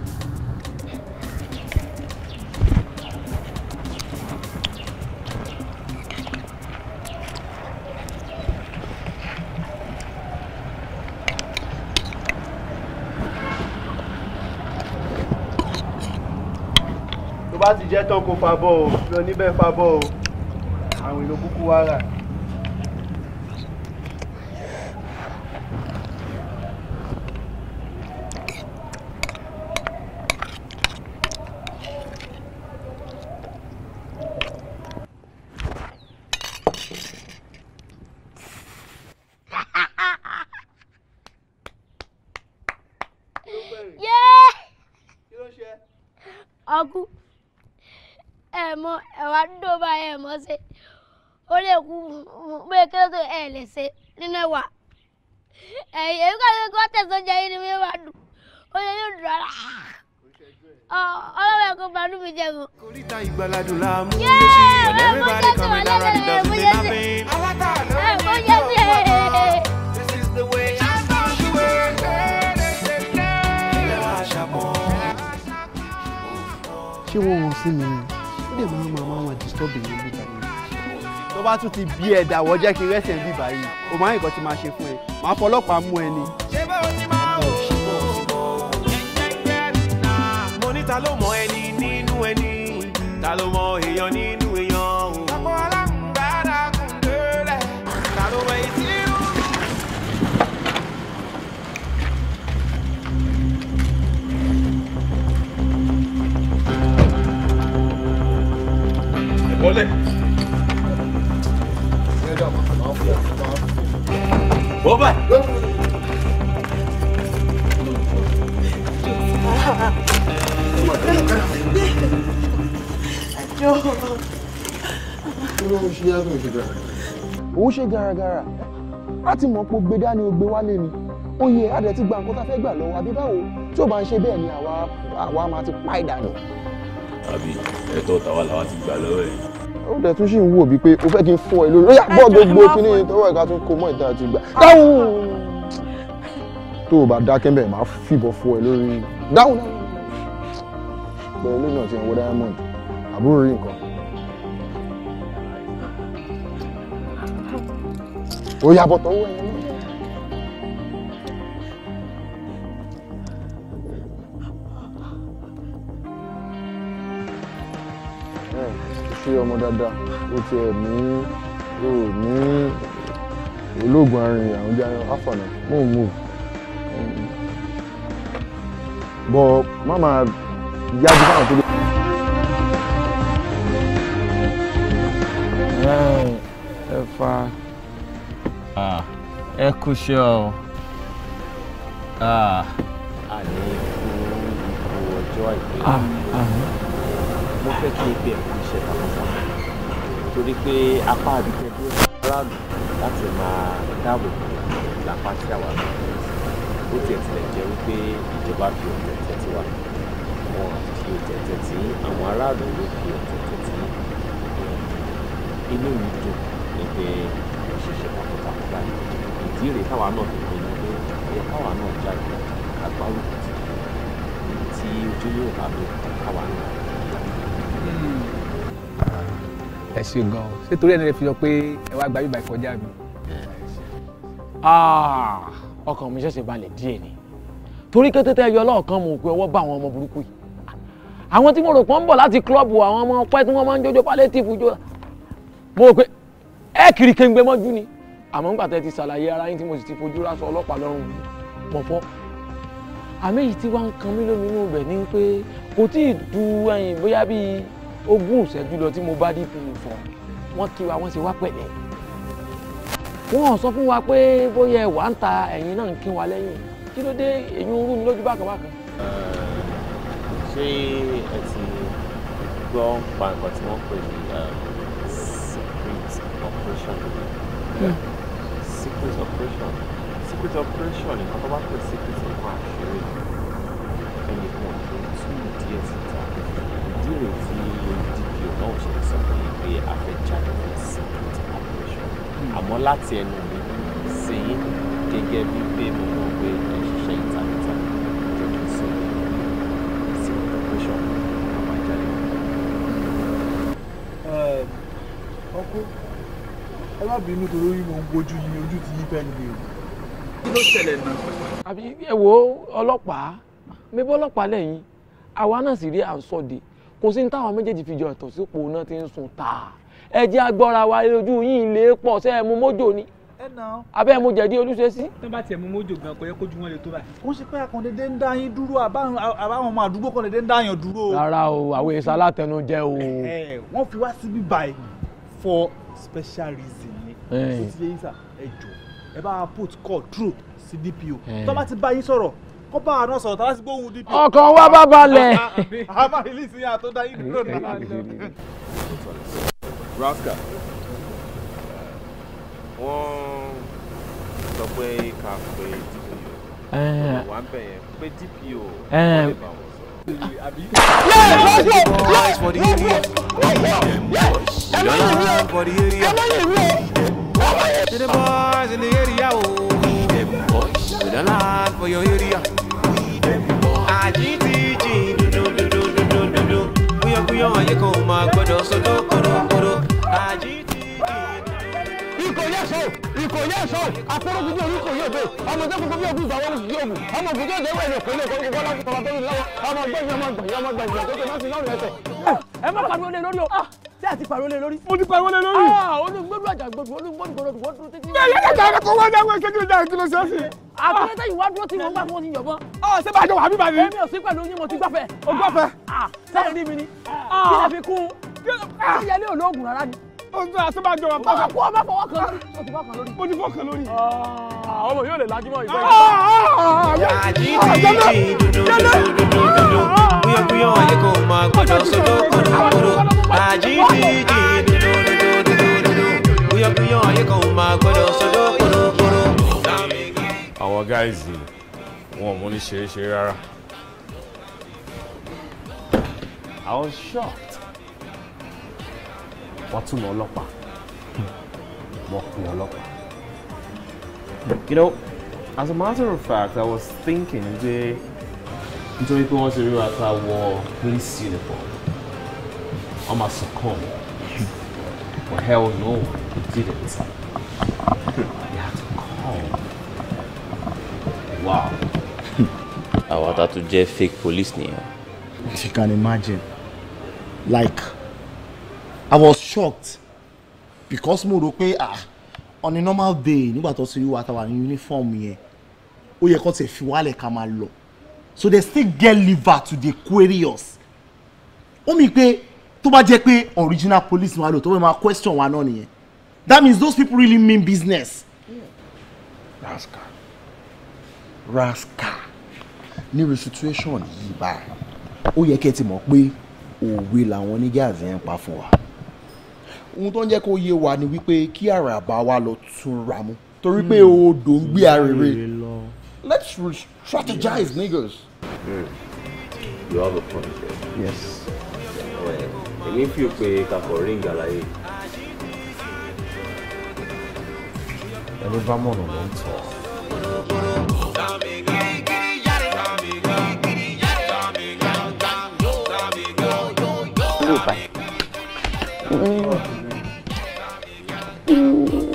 bá ti jẹ́ tán kó fa o mi ò ní o àwìn ló kúkú wá rà. bí ẹ dàwọ́ jẹ́ kí rẹ́sẹ̀ ń bì báyìí o máa ń nǹkan ti máa ṣe fún ẹ màá fọlọ́pàá mú ẹ ni. Opa! Òun ṣe gàràgàrà, a ti mọ̀ pé gbé dání ogbe wálé ni. Oyè adẹ̀ ti gba nǹkan tá a fẹ́ gbà lọ́wọ́ àbí báwo tí ò bá ń ṣe bẹ́ẹ̀ ni àwa máa ti pa ìdànù. Àbí ẹ̀tọ́ tàwa làwa ti gbà lọ́wọ́ ẹ̀ ó dẹ̀ tún sì ń wò bíi pé o fẹ́ kí n fọ́ ẹ lórí lóyà bọ́ gbogbo kíní tọwọ́ ìka tún kó mọ́ ìta àti ìgbà tó o bá dákẹ́ bẹ́ẹ̀ máa fìbọn fọ́ ẹ lórí dáhùn pẹ̀lú náà ti ń wo diamond àbúrò rí nǹkan. ó yà bọ̀ tọ́wọ́ ẹ̀ náà. Yeah sí ọmọ dáadáa ó ti ẹ̀ ní ó ní olóògùn arìnrìn àrùn jáde àfààní mò ń move bọ́ má máa yájú fáwọn tó dé. ẹ fa ẹ kú ṣe ọ àní ikú ọjọ́ àìpé mo fẹ́ kí ẹ bẹ̀rù ṣe kankan torí pé apá àdúgbò dúró aráàlú láti máa dáàbò bò lápá tí àwa ó tiẹ̀ tilẹ̀ jẹ́ wípé ìjọba fi ọ̀tẹ̀ tẹ́tí wa wọn fi ọ̀tẹ̀ tẹ́tí àwọn aráàlú ló fi ọ̀tẹ̀ tẹ́tí inú mi dùn ní pé mo ṣiṣẹ́ takuntakun báyìí ìdí rèé táwa náà fi pinnu pé ẹ káwa náà jáde àgbáwò tí ojú yóò bá lò káwa náà. ṣe gan o ṣé torí ẹni rẹ fi sọ pé ẹ wá gba bíbá ìkọjá mi. Ah, ọkàn mi ṣẹ̀ṣẹ̀ balẹ̀ díẹ̀ ni torí kété tẹ́ yọ lọ́ọ̀kan mo pe ọwọ́ bá àwọn ọmọ burúkú yìí àwọn tí mo rò pọ́n ń bọ̀ láti klọ́ọ̀bù àwọn ọmọ ọpẹ́ tí wọ́n máa ń jójó palliative jó mo rò pé ẹ kiri kéńgbé mọ́jú ni àmọ́ nígbà tẹ́ ti ṣàlàyé ara yín tí mo sì ti fojú ráṣọ ọlọ́pàá lọ́rùn mọ̀ fọ́ àmì yìí tí wàá ń kan mí lóminú rẹ̀ ni pé kò tí ì du ẹ̀yìn bóyá bíi ogún ìṣẹ́jú lọ tí mo bá dìpọ̀ fọ́ wọ́n kí wa wọ́n ṣe wá pẹ̀lẹ́ wọ́n sọ fún wa pé bóyá ẹ̀wà ń ta ẹ̀yìn náà ń kí wa lẹ́yìn kí ló dé èyí ń rú mi lójú bákan bákan. ṣé ẹ ti gbọ́ pa nǹkan tí wọ́n pè ní um, secret operation hmm. secret operation secret operation nǹkan tó bá pè secret nǹkan àṣírí ẹnìkan tó tún ìdí ẹ̀ síta ìdí rèé náà ò ṣe lè sọ fún yín pé a fẹ́ fún secret operation hmm. àmọ́ láti ẹnu mi sí gẹ́gẹ́ bí pé mo mọ̀ pé ẹ ṣiṣẹ́ ìtàkìtà jẹ́ kí n sọ pé secret operation a máa jáde. ọkọ ọlọ́bìnrin torí orí mo ń gbójú ni ojú ti yí pẹ́ẹ́lí mi o. kí ló ṣẹlẹ̀ náà. àbí ẹ wo ọlọ́pàá mi bọ́ ọlọ́pàá lẹ́yìn àwa náà sì rí à ń sọ̀dẹ̀ kò sí ní táwọn méjèèjì fìjọ ẹ̀tọ́ sípò náà ti ń sun tà ẹ agbọ́ra wa lójú yìí lè pọ̀ sẹ́ ẹ mú mójò ni abẹ́ mo jẹ̀dí olúṣe sí. tó bá tiẹ̀ mú mójò gan kò yẹ kó ju wọn lè tó báyìí. wọ́n ṣe pé akọ̀ndédé ń dá yín dúró àbáwọn ọmọ àdúgbò kọ̀ndédé ń dá yàn dúró. rárá o àwọn èso alátẹnujẹ o. wọ́n fi wá síbí báyìí for special reason ni. ṣé ẹ jọ ẹ bá put call through sí tó bá ti bá yín sọ̀rọ̀ kó bá àná sọ̀rọ̀ tá a sì gbóhùn dp. ọkàn wa bá balẹ̀. a máa ilé ìsinyìí àtọ́dá yìí dúró náà. rascal wọ́n sọ pé ká pé wà ń bẹ̀ pé dpo wọ́n lè bá wọn sọ̀rọ̀. oh, fàájì ti jìn dúdúdúdúdúdú kúyọ́kúyọ́ ayé kan máa gbọ́dọ̀ sọdọ́ kórókóró fàájì ti ìkòyí ẹ̀sọ́ ìkòyí ẹ̀sọ́ àfọlọ́gùdì oníkòyí òde ọmọ tó kúkú bí ogún ìgbàwọ́ oṣù yóò mú ọmọ ògùn tó dẹwọ́ ẹ̀rọ ìkòyí òkòyí bọ́lá tó tọ́ba tó ń lọ́wọ́ ọmọ gbẹ̀yìn ọmọ gbẹ̀yìn ọmọ gbẹ̀yìn tó tẹ̀ mọ́sí lọ́rùn ẹsẹ̀. ẹ má pariwo lé lórí o tí ah. a ti pariwo lé lórí. mo ti pariwo lé lórí. olùgbòdù àjàgbòdù olùgbòdù gbòdù títí. bẹ́ẹ̀ yẹ́n kàkà kó wá dáwọ́ ẹ̀kẹ́ kìlọ̀ dáhùn kìlọ̀ sẹ́sì. àtúntò yìí wá dúró tí mo gbà fún oyin yọ̀bọ. ọ ah, ṣé bá a jọ wà bí bàbí. èmi ò sí pẹ̀lú oyin mo ti gbọ́fẹ̀. o gbọ́fẹ̀. sẹ́yìn ah, rí mi ni. kí lè fi kún ojú àtúbàjọ wa pàṣẹ. kó o bá fọwọ́ kan lórí. mo ti fọ́ kan lórí. ọmọ yóò lè lajúmọ́ ìgbà yìí. àjíǹde dundundundundundundu kúyọkúyọ ayé kò mọ gbọ́dọ̀ sódò kòdòkòdò àjíǹde dundundundundundundu kúyọkúyọ ayé kò mọ gbọ́dọ̀ sódò kòdòkòdò. àwọn gáìsì wọn ò mú ní ṣeré ṣeré rárá. I was shocked wọ́n tún mọ ọlọ́pàá wọ́n pè ọlọ́pàá. you know as a matter of fact i was thinking pé nítorí pé wọ́n ti rí wa ta wọ police uniform wọ́n máa succumb but hell no we didn't we had to come. wow. àwa ta fake police nìyẹn. if you can imagine like I was shocked because mo rò pé ah on a normal day nígbà tó ti rí wa táwa ní uniform yẹn ó yẹ kó tẹ̀ fi wálẹ̀ ká máa lọ so they still get liver to dey query us ó mi pé tó bá jẹ́ pé original police wa lò tó bá máa question wa náà nìyẹn that means those people really mean business. Yeah. rascal rascal nírú situation yìí báyìí ó yẹ kẹ́ ẹ ti mọ̀ pé òwe làwọn onígàzẹ́ ń pa fún wa ohun tó ń jẹ́ kó yé wa ni wípé kí àràbà wa lọ túnra mu torí pé hmm. odò ń gbé arèrè let's strategize yes. niggas. Mm. you have a point there. yes. èmi fi pé kakọ̀ ríǹgì àlàyé. ẹni bá mọ̀nà ló ń tọ̀. Bye. Mm. Yeah,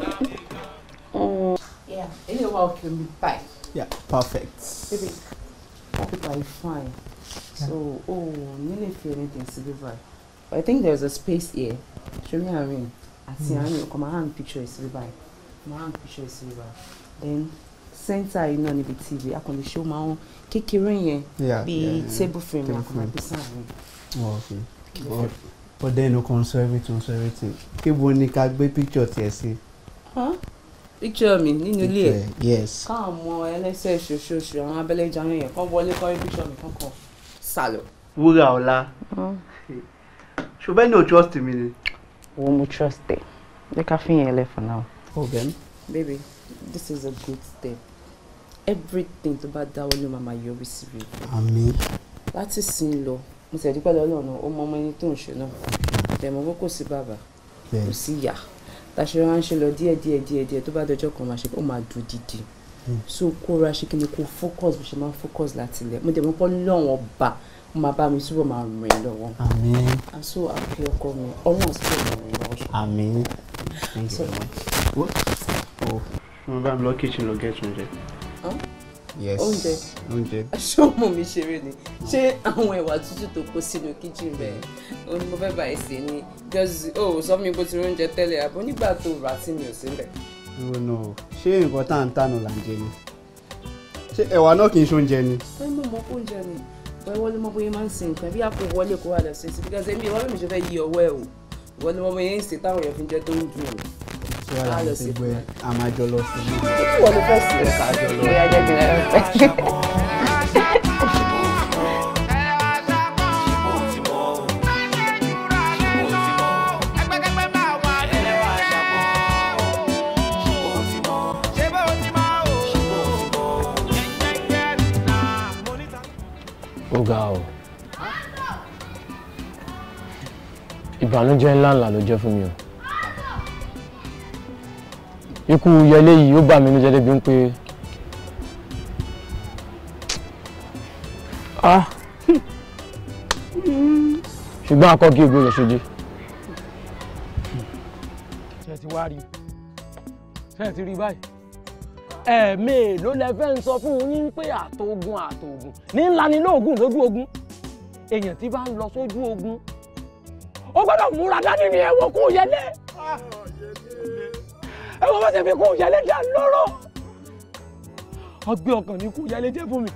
any work can be fine. Yeah, perfect. Baby, people fine. Yeah. So, oh, nearly feel anything silver. But I think there's a space here. Show me her ring. I see her mm. ring. Come, my picture is silver. My hand picture is silver. Then center yìí know níbi tv a kàn lè ṣe ó máa ń kékeré Yeah, yeah. table frame Table frame. máa gbé sáà rẹ but then o kàn sọ everything sọ everything kébo ni ká gbé picture tiẹ̀ sí. picture mi nínú ilé ẹ̀ yes. káwọn ọmọ ẹlẹ́sẹ̀ ṣoṣooṣù àwọn abẹ́lẹ́ ìjànú yẹn kán wọlé kọ́ rí picture mi kán kàn sálọ. wúrà ọ̀la mm. ṣùgbọ́n ní o trust mi ni. wo mo trust ẹ jẹ́ ká fi yẹn lẹ̀ for now. ọ̀gẹ́n. baby this is a good step everything tó bá dáwọ́ ló máa máa yọrí sí rẹ̀. àmín. láti sìn lọ mo sì dúpẹ́ lọ́lọ́run náà ó mọ ọmọ ẹni tó ń ṣe náà dẹ̀mọ́ kó kò sí bàbá kò sí ìyá tàṣẹ wa ń ṣe lọ díẹ̀ díẹ̀ díẹ̀ díẹ̀ tó bá dọjọ́ kan máa ṣe ó máa dùn dídì hmm. so kó ra ṣe kí ni kó focus bó ṣe máa focus láti ilẹ̀ mo dẹ̀mọ́ pọ́ lọ́wọ́n ọba ó máa bá mi túbọ̀ máa rìn lọ́wọ́ àmín aṣọ àfi ọkọ mi ọlọ́run sì lè rìn lọ́wọ́. àmín thank you very much. Oh, mo bá mi lọ kitchen lọ get oúnjẹ oúnjẹ oúnjẹ ṣé ọmọ mi ṣeré ni ṣé àwọn ẹ̀wà tútù tó kó sínú kíjìn rẹ̀ ó ní mo fẹ́ bá ẹsẹ̀ ni jọ́sí ó sọ mi bó ti rí oúnjẹ tẹ́lẹ̀ àbọ̀ nígbà tó rà sí mi ò sílẹ̀. ìrònà o ṣé nǹkan tá à ń tànù là ń jẹ ni ṣé ẹ̀wà náà kì í ṣoúnjẹ ni. ẹ mọ̀ mọ́ oúnjẹ ni ọ̀pọ̀ ẹ̀wọ́ ló mọ bóyá máa ń sin nǹkan bí àpò wọlé kó wà lọ sí i sí sí wàhálà ní sígbó ẹ a máa jọ lọ sí. wọ́n ló fẹ́ sí ẹ̀ka jọ lọ. ìyá jẹ́ kí n lọ fẹ́. ó ló jẹ́ fún mi o ikú yẹlé yìí ó bà mí ní jẹ́dẹ́bí ń pé ah. ṣùgbọ́n akọ́kí ògbó lọ ṣojú. ṣe ti wá rí ṣe ti rí báyìí ẹ̀ẹ̀mẹ́ ló lẹ fẹ́ ń sọ fún yín pé àtògùn àtògùn ní ńlá ni lóògùn lójú ogun èèyàn tí bá ń lọ sójú ogun ó gbọ́dọ̀ múra dání ní ẹ̀wọ̀n kú yẹlé àwọn bá tẹ̀mí kú yẹlé jẹ́ lóró ọgbẹ́ ọkàn ní kú yẹlé jẹ́ fún mi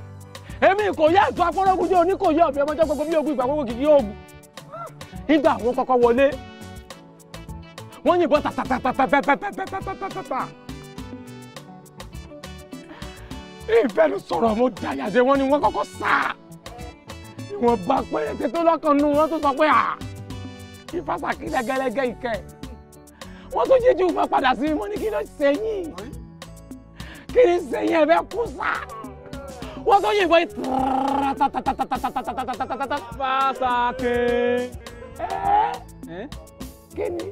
èmi kò yá ètò afọ́rọ́gùnjẹ́ òní kò yá ọ̀bẹ ọmọjọ́ gbogbo bí ogun ìgbà gbogbo kìkì ogun nígbà àwọn kọ́kọ́ wọlé wọ́n yìnbọn tàtàtàtàtàtàtàtàtàtàtàtà ìfẹ́nu sọ̀rọ̀ mo dàyàjẹ́ wọ́n ni wọ́n kọ́kọ́ sá ìwọ̀n bá péréte tó lọ́kàn nù wọ́n tó sọ pé à ìfàsàkí lẹ́gẹ́lẹ́gẹ́ ìkẹ́ wọ́n tún jíjú fún padà sí mi mo ní kí ló ṣe yín kí ni ṣe yín ẹ fẹ́ kú sá wọ́n tún yìnbọn yìí tààtàtàtàtàtàtàtàtàtàtàtà. fásakè. kí ni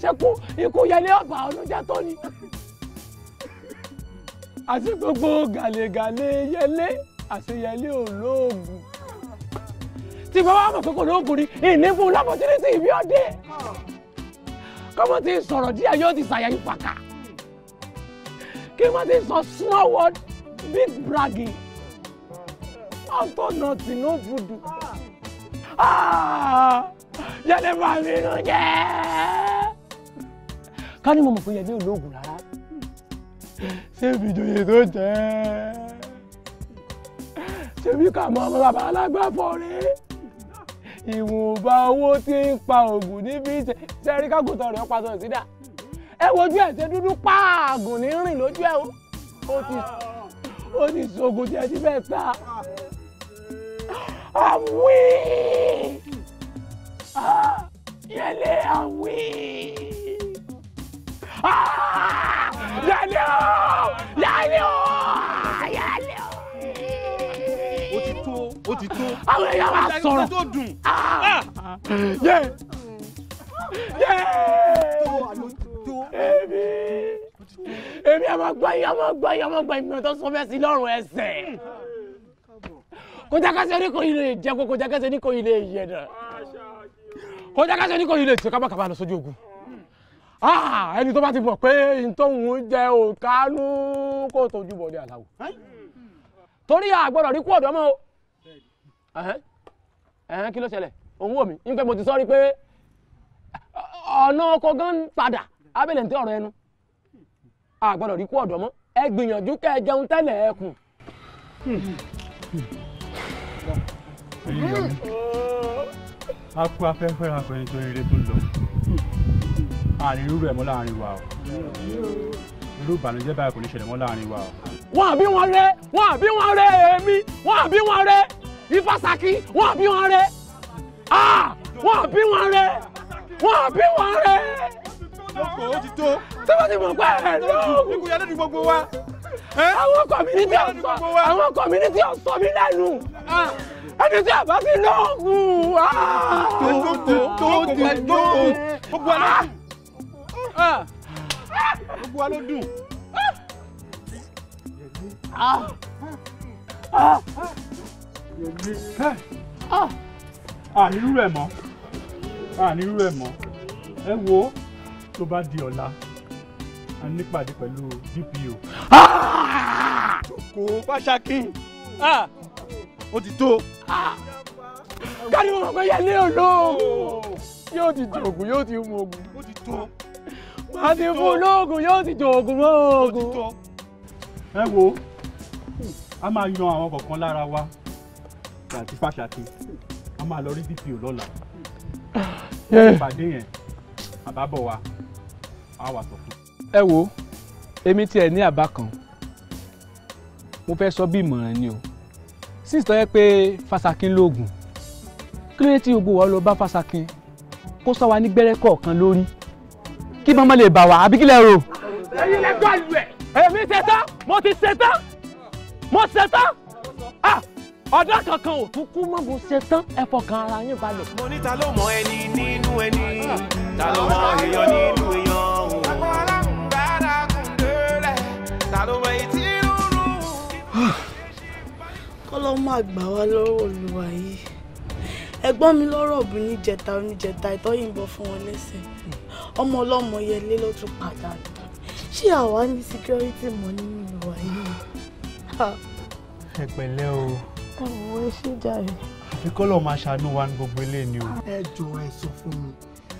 ṣé kú ikú yẹlé ọba olójà tó ni àti gbogbo gàlégàlé yẹlé àṣeyẹlé olóògùn tí bàbá àmọ̀ pé kò lóògùn ni ìní fún lápọ̀tínítì ìbí ọdẹ kọ́mọ ti sọ̀rọ̀ díẹ̀ yóò ti ṣàyà ìpàkà kí wọ́n ti sọ small word big bragging ọ̀tọ̀ nọ̀tì ló vudu yẹ́nì bá mi nù jẹ́ ká ní mo mọ̀ pé yẹ́nì ò lóògùn rárá ṣé ibi ìjòyè tó jẹ́ ṣé bí ká mọ ọmọ bàbá alágbàfọ̀ rèé ìwọ̀nba owó tí ń pa ògùn níbi ìṣe sẹ́rí kágùntàn rẹ̀ ó pàtó ìsídà ẹ wojú ẹ̀ dúdú páàgùn ní rìn lójú ẹ̀ ó ó ti ṣoògùn tí ẹ ta àwí ah, yẹlé àwí ah, yẹlé o yẹlé o yẹlé o tó ó ti tó. àwọn èèyàn máa sọ̀rọ̀ tó dùn. Ah! Ah! yé yé èmi èmi àmọ́ gbọ́ yìí àmọ́ gbọ́ yìí àmọ́ gbọ́ yìí mi ò tó sọ fẹ́ sí lọ́rùn ẹsẹ̀ hmm. kójákásẹ́ ní kò ilé jẹ́ kó kójákásẹ́ ní kò ilé yẹ dẹ̀ kójákásẹ́ ní kò ilé tí kábàkàbà lọ sójú ogun ah! ẹni tó bá ti mọ̀ pé ntòhún jẹ òkánú kó tó jùbọ̀ ní aláwọ̀ hmm. torí àgbọ̀dọ̀ rí kú ọ̀dọ́ mọ́ o ẹ̀hán kí ló ṣẹlẹ̀ òun wò mí ń pẹ́ mo ti sọ́rí pé ọ̀nà ọkọ̀ gan padà abẹ́lẹ̀ ń tẹ́ ọ̀rọ̀ ẹnu àgbọ̀dọ̀ rí kú ọ̀dọ̀ mọ́ ẹ gbìyànjú kẹ́ ẹ jẹun tẹ́lẹ̀ ẹ kù. a kú afẹ́fẹ́ ránpẹ́ nítorí eré tó lọ àárín rẹ̀ mọ́ láàrin wa o irú ìbànújẹ́ báyìí kò ní ṣẹlẹ̀ mọ́ láàrin wa o. wọ́n àbí wọn rẹ wọ́n àbí wọn rẹ èmi wọ́n àbí wọn rẹ. Ifásakí wọn àbí wọn rẹ wọn àbí wọn rẹ wọn àbí wọn rẹ. lóko ó ti tó. sọ́wọ́n ti mọ̀ pé ẹ̀ lóògùn. ikú yàrá ni gbogbo wa. àwọn kọ̀mínítì ọ̀sọ́ àwọn kọ̀mínítì ọ̀sọ́ mi lẹ́nu. ẹni tí a bá fi lóògùn. tó ti tó ti tó. gbogbo alẹ́ dùn. gbogbo alẹ́ dùn ànírú ah. ah. ah, ẹ̀ mọ́ ànírú ẹ̀ mọ́ ẹ wo tó bá di ọ̀la a nípàdé pẹ̀lú DPO. kò pàṣákì ó ti tó kárí mo mọ̀ pé yẹn ní olóògùn yóò ti jòògùn yóò ti mu oògùn. ó ti tó a ti fún lóògùn yóò ti jòògùn mọ́ oògùn. ẹ wo a máa yan àwọn kọ̀ọ̀kan lára wa àti fàṣàkì a máa lọ rí dpo lọ́la ìpàdé eh. yẹn àbábọ̀ wa a wà sọ fún. ẹ wo èmi tiẹ̀ ní àbá kan mo fẹ́ sọ bí ìmọ̀ràn ni o sísè tó yẹ pé fàṣàkì lóògùn kí ló dé tí gbogbo wa lọ bá fàṣàkì kó sọ wa ní gbẹ́rẹ́ kọ̀ọ̀kan lórí kí màmá lè bà wá àbí kí lẹ rò. ẹyin lẹgbàá lu ẹ èmi ṣetán mo ti ṣetán mo ṣetán ọ̀dọ́ kankan ò tún kú mọ́ mo ṣe tán ẹ fọkàn ara yín balẹ̀. mo ní ta ló mọ ẹni nínú ẹni ah. ta ló mọ èèyàn nínú èèyàn o. agbára ń dára kún délẹ̀ ta ló mọ etí rúru. kọ́lọ́ máa gbà wá lọ́wọ́ olùwà yìí ẹ̀gbọ́n mi lọ́rọ̀ bí níjẹta oníjẹta ìtọ́ yìnbọn fún wọn lẹ́sẹ̀ ọmọ ọlọ́mọ yẹlé ló tún padà ṣé àwa ní security mọ́ nínú ìwà yìí. ẹ pẹ̀lẹ́ o ẹ̀wọ̀n ẹ ṣe jàre. àfi kọ́ lọ́ọ́ máa ṣàánú wa ní gbogbo ilé ni o. ẹ jọ ẹ sọ fún mi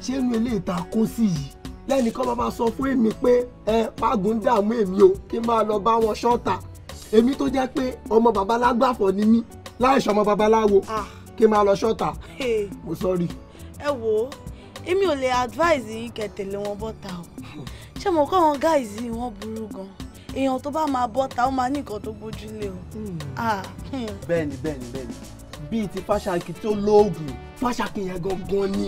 ṣé inú ilé ìta kó sí yìí lẹ́nìkan bá máa sọ fún èmi pé ẹ mágùn dààmú èmi o kí n máa lọ bá wọn ṣọ́ọ̀tà èmi tó jẹ́ pé ọmọ babalágbàfọ̀ ni mí láìsọ ọmọ babaláwo ah. kí n máa lọ ṣọ́ọ̀tà mo sọ́ọ̀rì. ẹ wo èmi ò lè advise yín kẹ́ tẹ̀lé wọn bọ́ta o hmm. ṣé mo kọ́ wọn guys yìí wọ́n burú gan-an èèyàn tó bá máa bọ́ta ó máa ní nǹkan tó gbójúlé o. Hmm. Ah, hmm. bẹ́ẹ̀ni bẹ́ẹ̀ni bẹ́ẹ̀ni bíi ti fáṣákì tó lóògùn fáṣákì yẹn gangan ni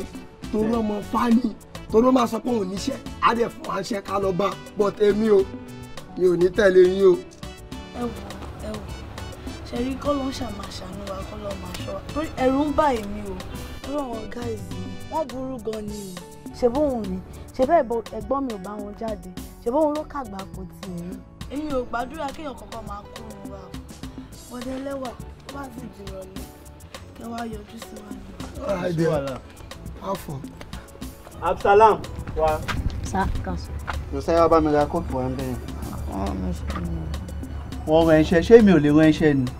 torí ọmọ fani torí ó máa sọ pé òun níṣẹ́ á dẹ̀ fún aṣẹ ká lọ bá but èmi o mi ò ní tẹ̀lé yín o. ẹ wò ẹ wò ṣẹ̀rí kọ́ ló ń ṣàmàṣàánú wa kọ́ lọ́ọ́ máa ṣọ́ wa torí ẹ̀rù ń bà èmi o torí àwọn ọ̀gá ìzì wọ́n burú gan ni ṣe bóun ni ṣe bẹ́ẹ̀ ẹ̀gbọ́n mi ò bá wọn jáde ṣe bóun ló kàgbà kò tiẹ̀ rí èmi ò gbàdúrà kéèyàn kankan máa kó òun wa o wọlé lẹ́wà ó bá sì jùrọ̀ ni kẹ wá yọjú sí wa ni. ọ̀hádìí ah, àfọ̀. Absalam wa. sa kanṣu. josiah bá mi ra kóòtù wa ń bẹ̀rẹ̀. Ah, wọ́n rán iṣẹ́ ṣé mi ò lè rán iṣẹ́ ni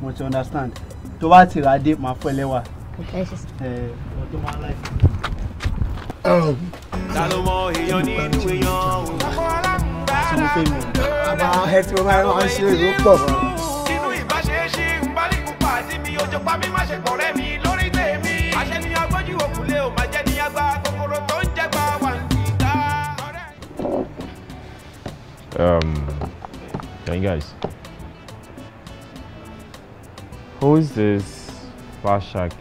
mo ti understand tó bá ti rà dé màá fọ́ ẹ lẹ́wà. ẹ ẹ ọdún máa ń tí mo fẹ́ Um, hey guys, who is this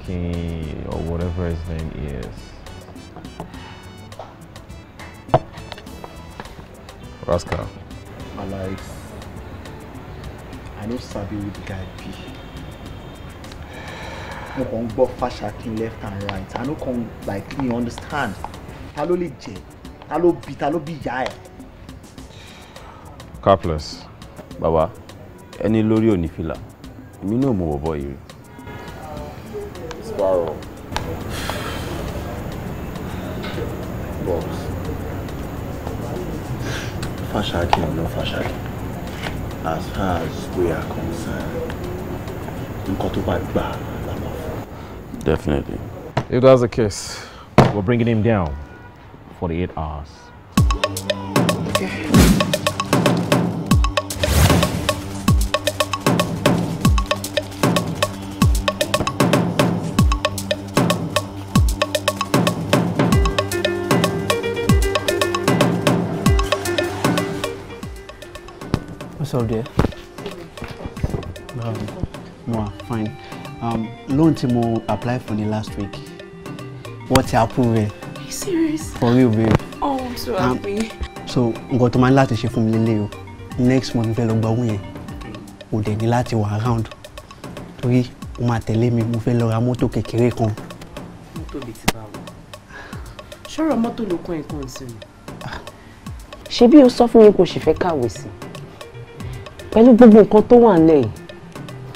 King or whatever his name is? Rascal. Malaris, I don't sabi with the guy be. Mo kàn ń gbọ́ left and right. I no kàn like me understand. Ta ló lè jẹ? Ta ló bí? Ta ló bí ìyá ẹ̀? Capless. Bàbá, ẹni lórí ò ní Sparrow. Box. Fashaki or no Fashaki, as far as we are concerned, you got to buy Definitely. If that's the case, we're bringing him down 48 hours. all there. Um, no, fine. Um, loan tí mo apply for the last week. Wọ́n ti approve Are you serious? For real babe. Oh, I'm so um, happy. so nǹkan tó máa ń láti ṣe fún mi Next month fẹ́ lọ gba owó yẹn. O dẹ̀ ní láti wà around. Three. o máa tẹ̀lé mi, mo fẹ́ lọ ra mọ́tò kékeré kan. Mọ́tò bíi ti báwo? Ṣọ́rọ̀ mọ́tò ló kọ́ ẹ̀kan sí mi. Ṣebí o sọ fún mi kò sì fẹ́ kàwé sí i? pẹ̀lú gbogbo nǹkan tó wà nílẹ̀ yìí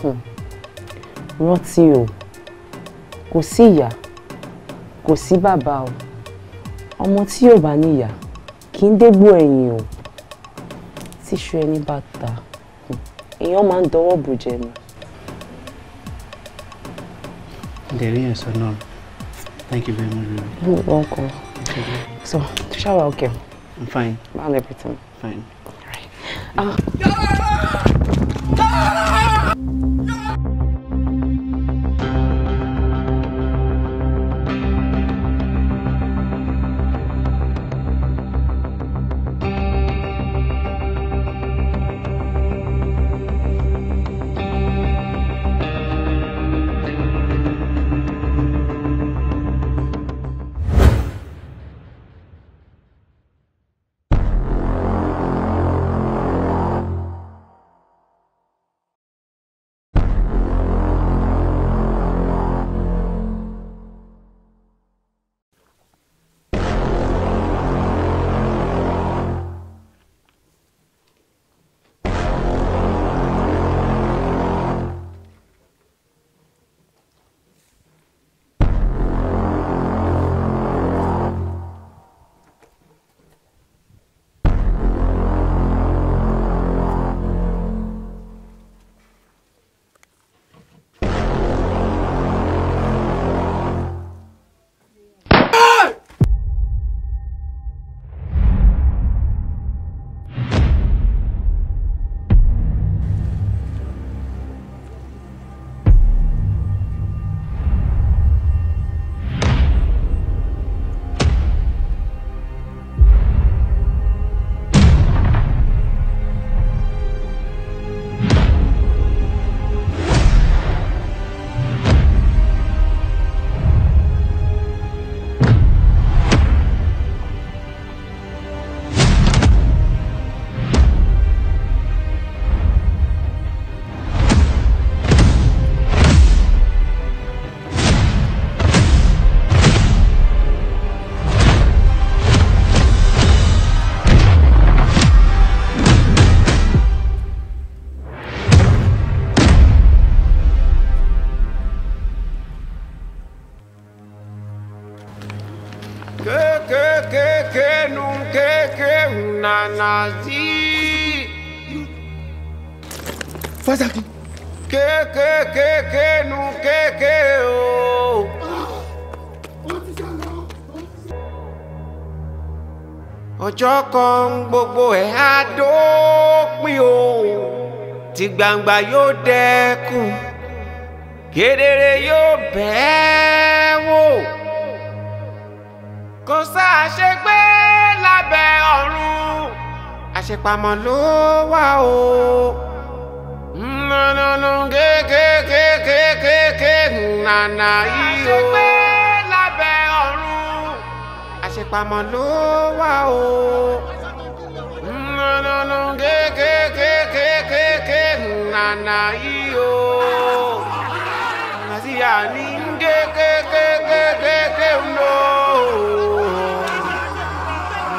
hmm. rántí o kò sí ìyá kò sí bàbá o ọmọ tí yóò bá níyà kì í dégbò ẹ̀yìn o tíṣu ẹni bá ta hmm, èèyàn máa ń dọwọ́ bùjẹ ni. dẹ̀rí yẹn sọ náà thank you very much. you're hmm, welcome. so shower okay. i'm fine. man everything. fine. 啊！ọjọ́ kan gbogbo ẹ̀ á dópin o tí gbangba yóò dẹ́kun kedere yóò bẹ́ẹ̀ wò kò sáàṣegbé lábẹ́ ọ̀run àṣepamọ́ ló wà o. nana kékékékékéké nana yìí o. àṣegbé àpamọ́ ló wà o. nànànà kékékékékéké nànà yìí o. àti àní kékékékékéké ló.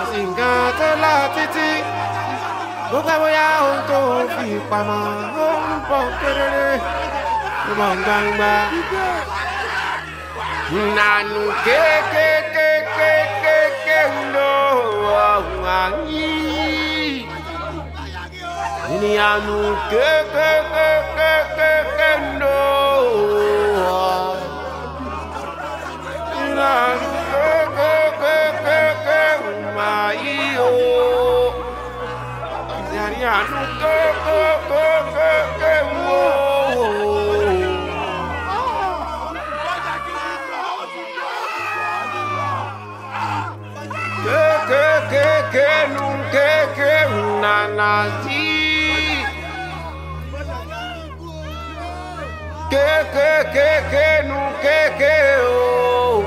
àti nǹkan tẹ́lá títí gbogbo bóyá ohun tó fi pamọ́ ó ń bọ̀ kéréré ó bọ̀ gbangba. nanu ke ke ke ke ke ke no wangi ini anu ke ke ke ke ke ke no nanu ke ke ke ke ke mai o ini anu ke ke ke ke ke wo kéèké nu kéèké o.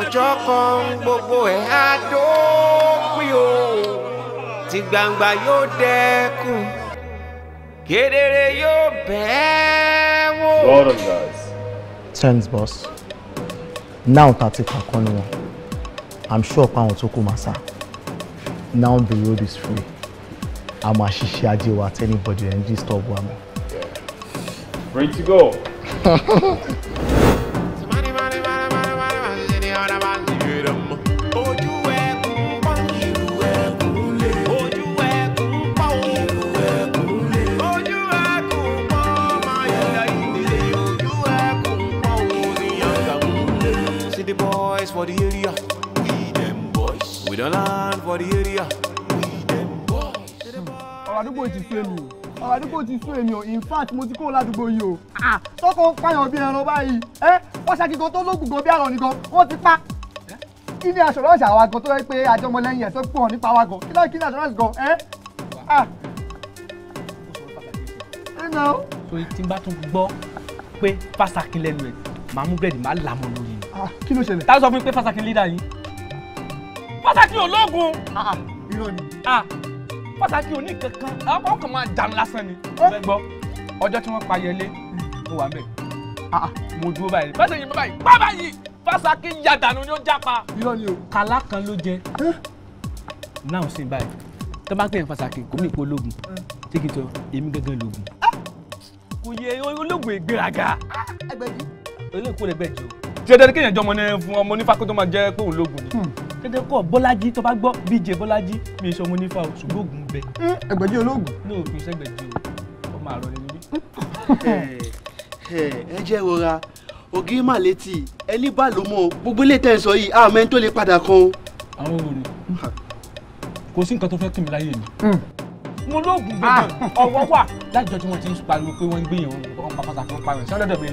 ọjọ́ kan gbogbo ẹ̀ á dópin o tí gbangba yóò dẹ́kun kedere yóò bẹ́ẹ̀ wò. Well done boss now thirty kankan ni wọn i'm sure pa àwọn tó kù máa sá now the road is free àmọ́ àṣìṣe ajé wa tẹ́nibọ̀dì rẹ̀ ń disturb wa mọ́. Ready to go. for the area. We them boys. We land for the area. We them boys. àdúgbò ti sún èmi o in mo ti kó ládùúgbò yìí o tọkọ ah, pààyàn bíi ẹran báyìí ẹ eh, wọ́n ṣàkíkan tó lóògùn gan bí àrùn nìkan wọ́n ti pa eh? kí ni assurance àwa gan tó yẹ pé àjọmọlẹ́yìn ẹ̀ tó pọ̀ nípa wa gan kí ni assurance gan ẹ. Eh? Ah. so tí n bá tún gbọ́ pé fásakí lẹ́nu ẹ̀ màá mú bẹ́ẹ̀dì màá làmọ̀ lórí ni. Ah, kí ló ṣẹlẹ̀ pàtàkì òní kankan àwọn kan máa jà lásán ni. ọ̀fẹ́ gbọ́ ọjọ́ tí wọ́n pa Yẹlé ó wà mẹ́ ah, ah, mo dúró báyìí bá ṣe yìnbọn báyìí bá báyìí fásakí yàdànù ni ó jápa. irọ́ ni o. kàlá kan ló jẹ náà sì báyìí tó bá pè é fásakí kò ní ipò ológun ṣé kí n sọ èmi gangan lógun. kò yẹ ológun ìgbéraga. ẹgbẹ́jì. ológun kò lè gbẹ̀jọ. ṣé dandan kéèyàn jọ ọmọ ní fún ọmọ onífàkó tó máa jẹ́ pé òun lógun ni. Hmm dédé kọ bọ́lájí tó bá gbọ́ bíjẹ bọ́lájí mi ìṣọ́ mo nífà o ṣùgbọ́n oògùn bẹ. ẹgbẹ̀jì olóògùn. ní òkú ìṣẹ́gbẹ̀jì o ó máa rọ nínú bí. ẹ jẹ́ rọra ògiri mà létí ẹni bá ló mọ gbogbo ilé tẹ̀ ń sọ yìí àmọ́ ẹni tó lè padà kan. àwọn òòrùn kò sí nǹkan tó fẹ́ kí mi láyé mi mo lóògùn ah. gbogbo ọwọ́ wà. lájọ tí wọ́n ti ń pariwo pé wọ́n ń gbìyànjú ọkàn pàpàtà tó ń pariwo sí ọlọ́dọ̀ mi.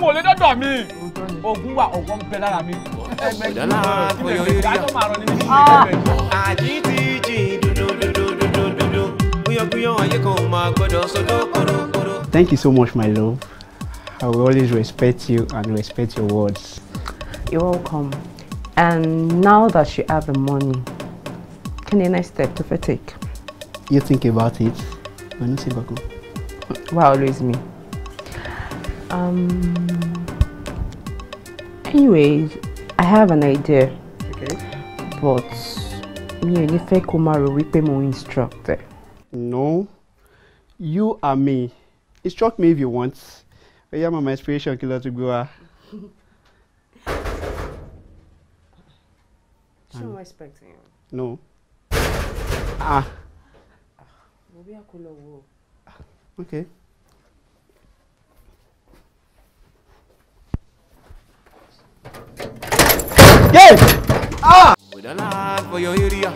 mo lè dọ́dọ̀ mi ogun wà ọwọ́ ń bẹ lára mi. Ah. àjíǹtì Thank you so much, my love. I will always respect you and respect your words. You're welcome. And now that you have the money, can the next step to take? You think about it. I no see Baku. Why always me? Um. Anyways, I have an idea. Okay. But me and ní fẹ́ kó máa rò instructor. No, you are me. Instruct me if you want. I am my inspiration kí to tún gbé wá. Ṣé wọ́n expect you? No. Ah bí a kò lọ wò ó. okay. Ah! Yeah. Ah. With a love for your area.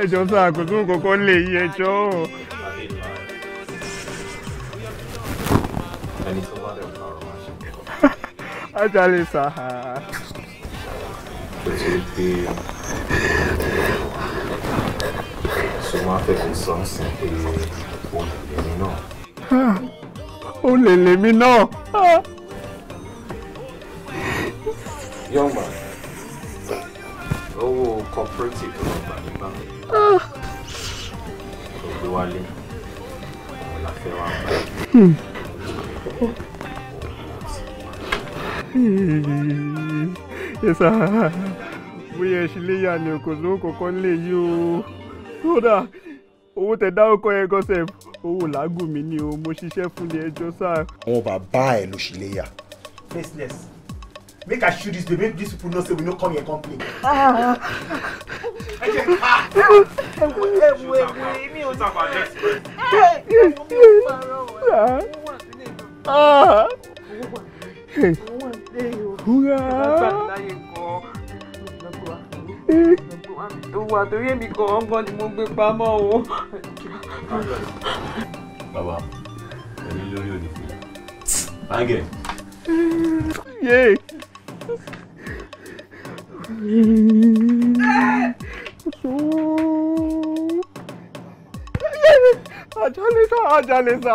ẹjọ́ sọ àkótó kọ̀ọ̀kan lè yí ẹjọ́ o. ajá lè sàá pété ṣe máa fẹ́ fi sọ ń sìn pé olè lèmi young man owó cooperative ló gbà ní báńkì tó gbé wálé àwọn la fẹ́ wá gbà. Hmm. Yes, sir bóyá ẹ ṣe léyà ni kò sówó kankan lè yí o kódà owó tẹ dárúkọ yẹn gọ́sẹ̀ owó làágùn mi ni o mo ṣiṣẹ́ fún ilé ẹjọ́ sáà. àwọn bàbá ẹ ló ṣe léyà. business make i shoot this babe make this people know say we no come here complain. Ah tó torí èmi kan ọgbọ́n ni mo gbé pamọ́ o. bàbá ẹni lórí òní fi báńgẹ̀. Ajalesa, ajalesa.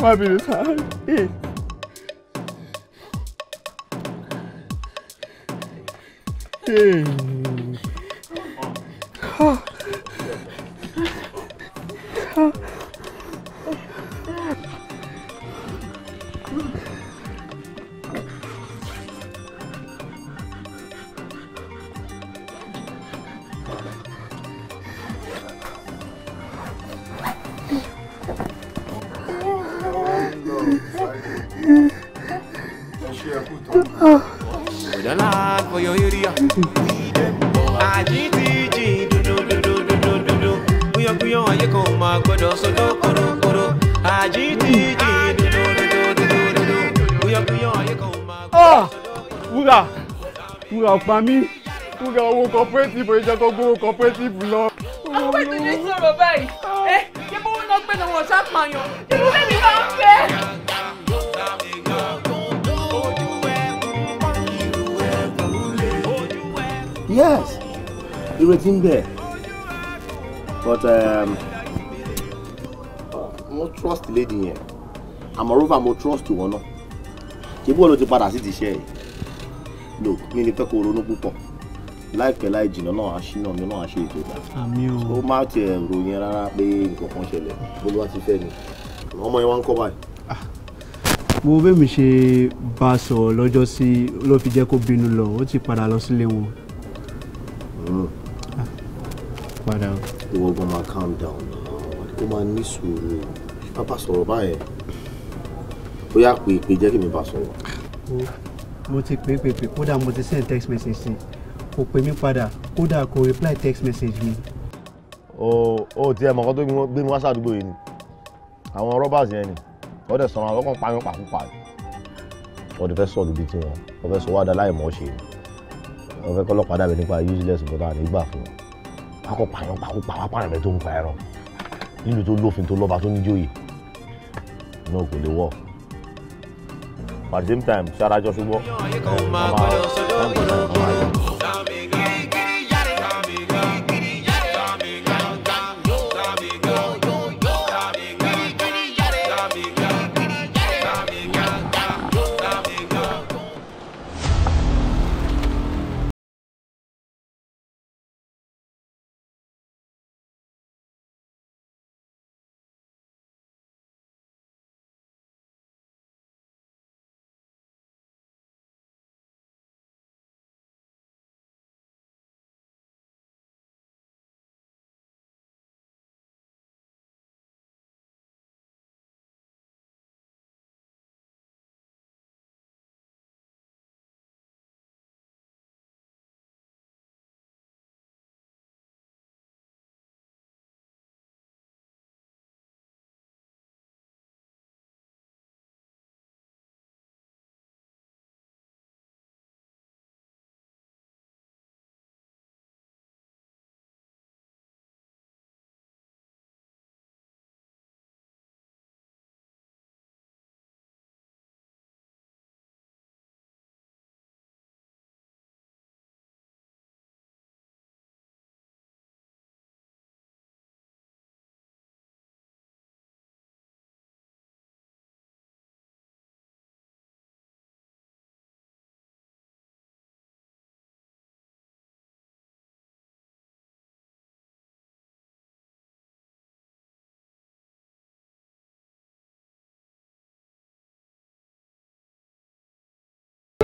my baby's time. Hey. Hey. pa mí mo ga owó cooperative ìjọ kan gbówó cooperative lọ. àwọn ètò ní sọ̀rọ̀ báyìí ẹ ah. eh, ṣé bó wọn náà gbé náà wọn ṣàpàyàn ìlú bẹ́ẹ̀ mi máa ń fẹ́. yes ìrètí ń bẹ but um, mo trust lady yẹn àmọ́ rover mo trust wọn náà ṣé bí wọn ló ti padà sí ti ṣe yìí look mi ni fẹ́ kó ronú púpọ̀ láìpẹ́ láì jìnnà náà àṣìnà mi náà àṣe ètò ìgbà ó má tiẹ̀ ròyìn rárá pé nǹkan kan ṣẹlẹ̀ bólúwa ti fẹ́ mi ọmọ yẹn wá ń kọ́ báyìí. Ah, mo bẹ́ẹ̀ mi ṣe bá a sọ̀rọ̀ lọ́jọ́ sí ló fi jẹ́ kó bínú lọ ó ti padà lọ sílé wọn. Hmm. Ah, padà. ìwọ gan máa calm down ó máa ní sùúrù bá bá sọ̀rọ̀ báyẹn ó yà pé ìpè jẹ́ kí mi bá sọ̀rọ̀. Ah, mo ti pè pè pè kódà mo ti send text message sí kò pè mí padà kódà kò reply text message mi. o o tiẹ̀ mọ̀kọ́ tó gbé mi wá sàdúgbò yìí ni àwọn robbers yẹn ni wọ́n dẹ̀ sọ̀rọ̀ àwọn ọkàn pààyàn pàkúpà yìí wọ́n ti fẹ́ sọ̀rọ̀ bíi tiwọn wọ́n fẹ́ sọ wá da láì mọ̀ ṣe wọ́n fẹ́ kọ́lọ́pàá dàbí nípa useless bọ́tà nígbà fún wọn akọ pààyàn pàkúpà wá pààyàn rẹ tó ń pa ẹran nílùú tó lófin tó lọ́ba tó níjóyè náà kò lè wọ́ọ̀ but time ṣe ara jọ ṣùgbọ́n.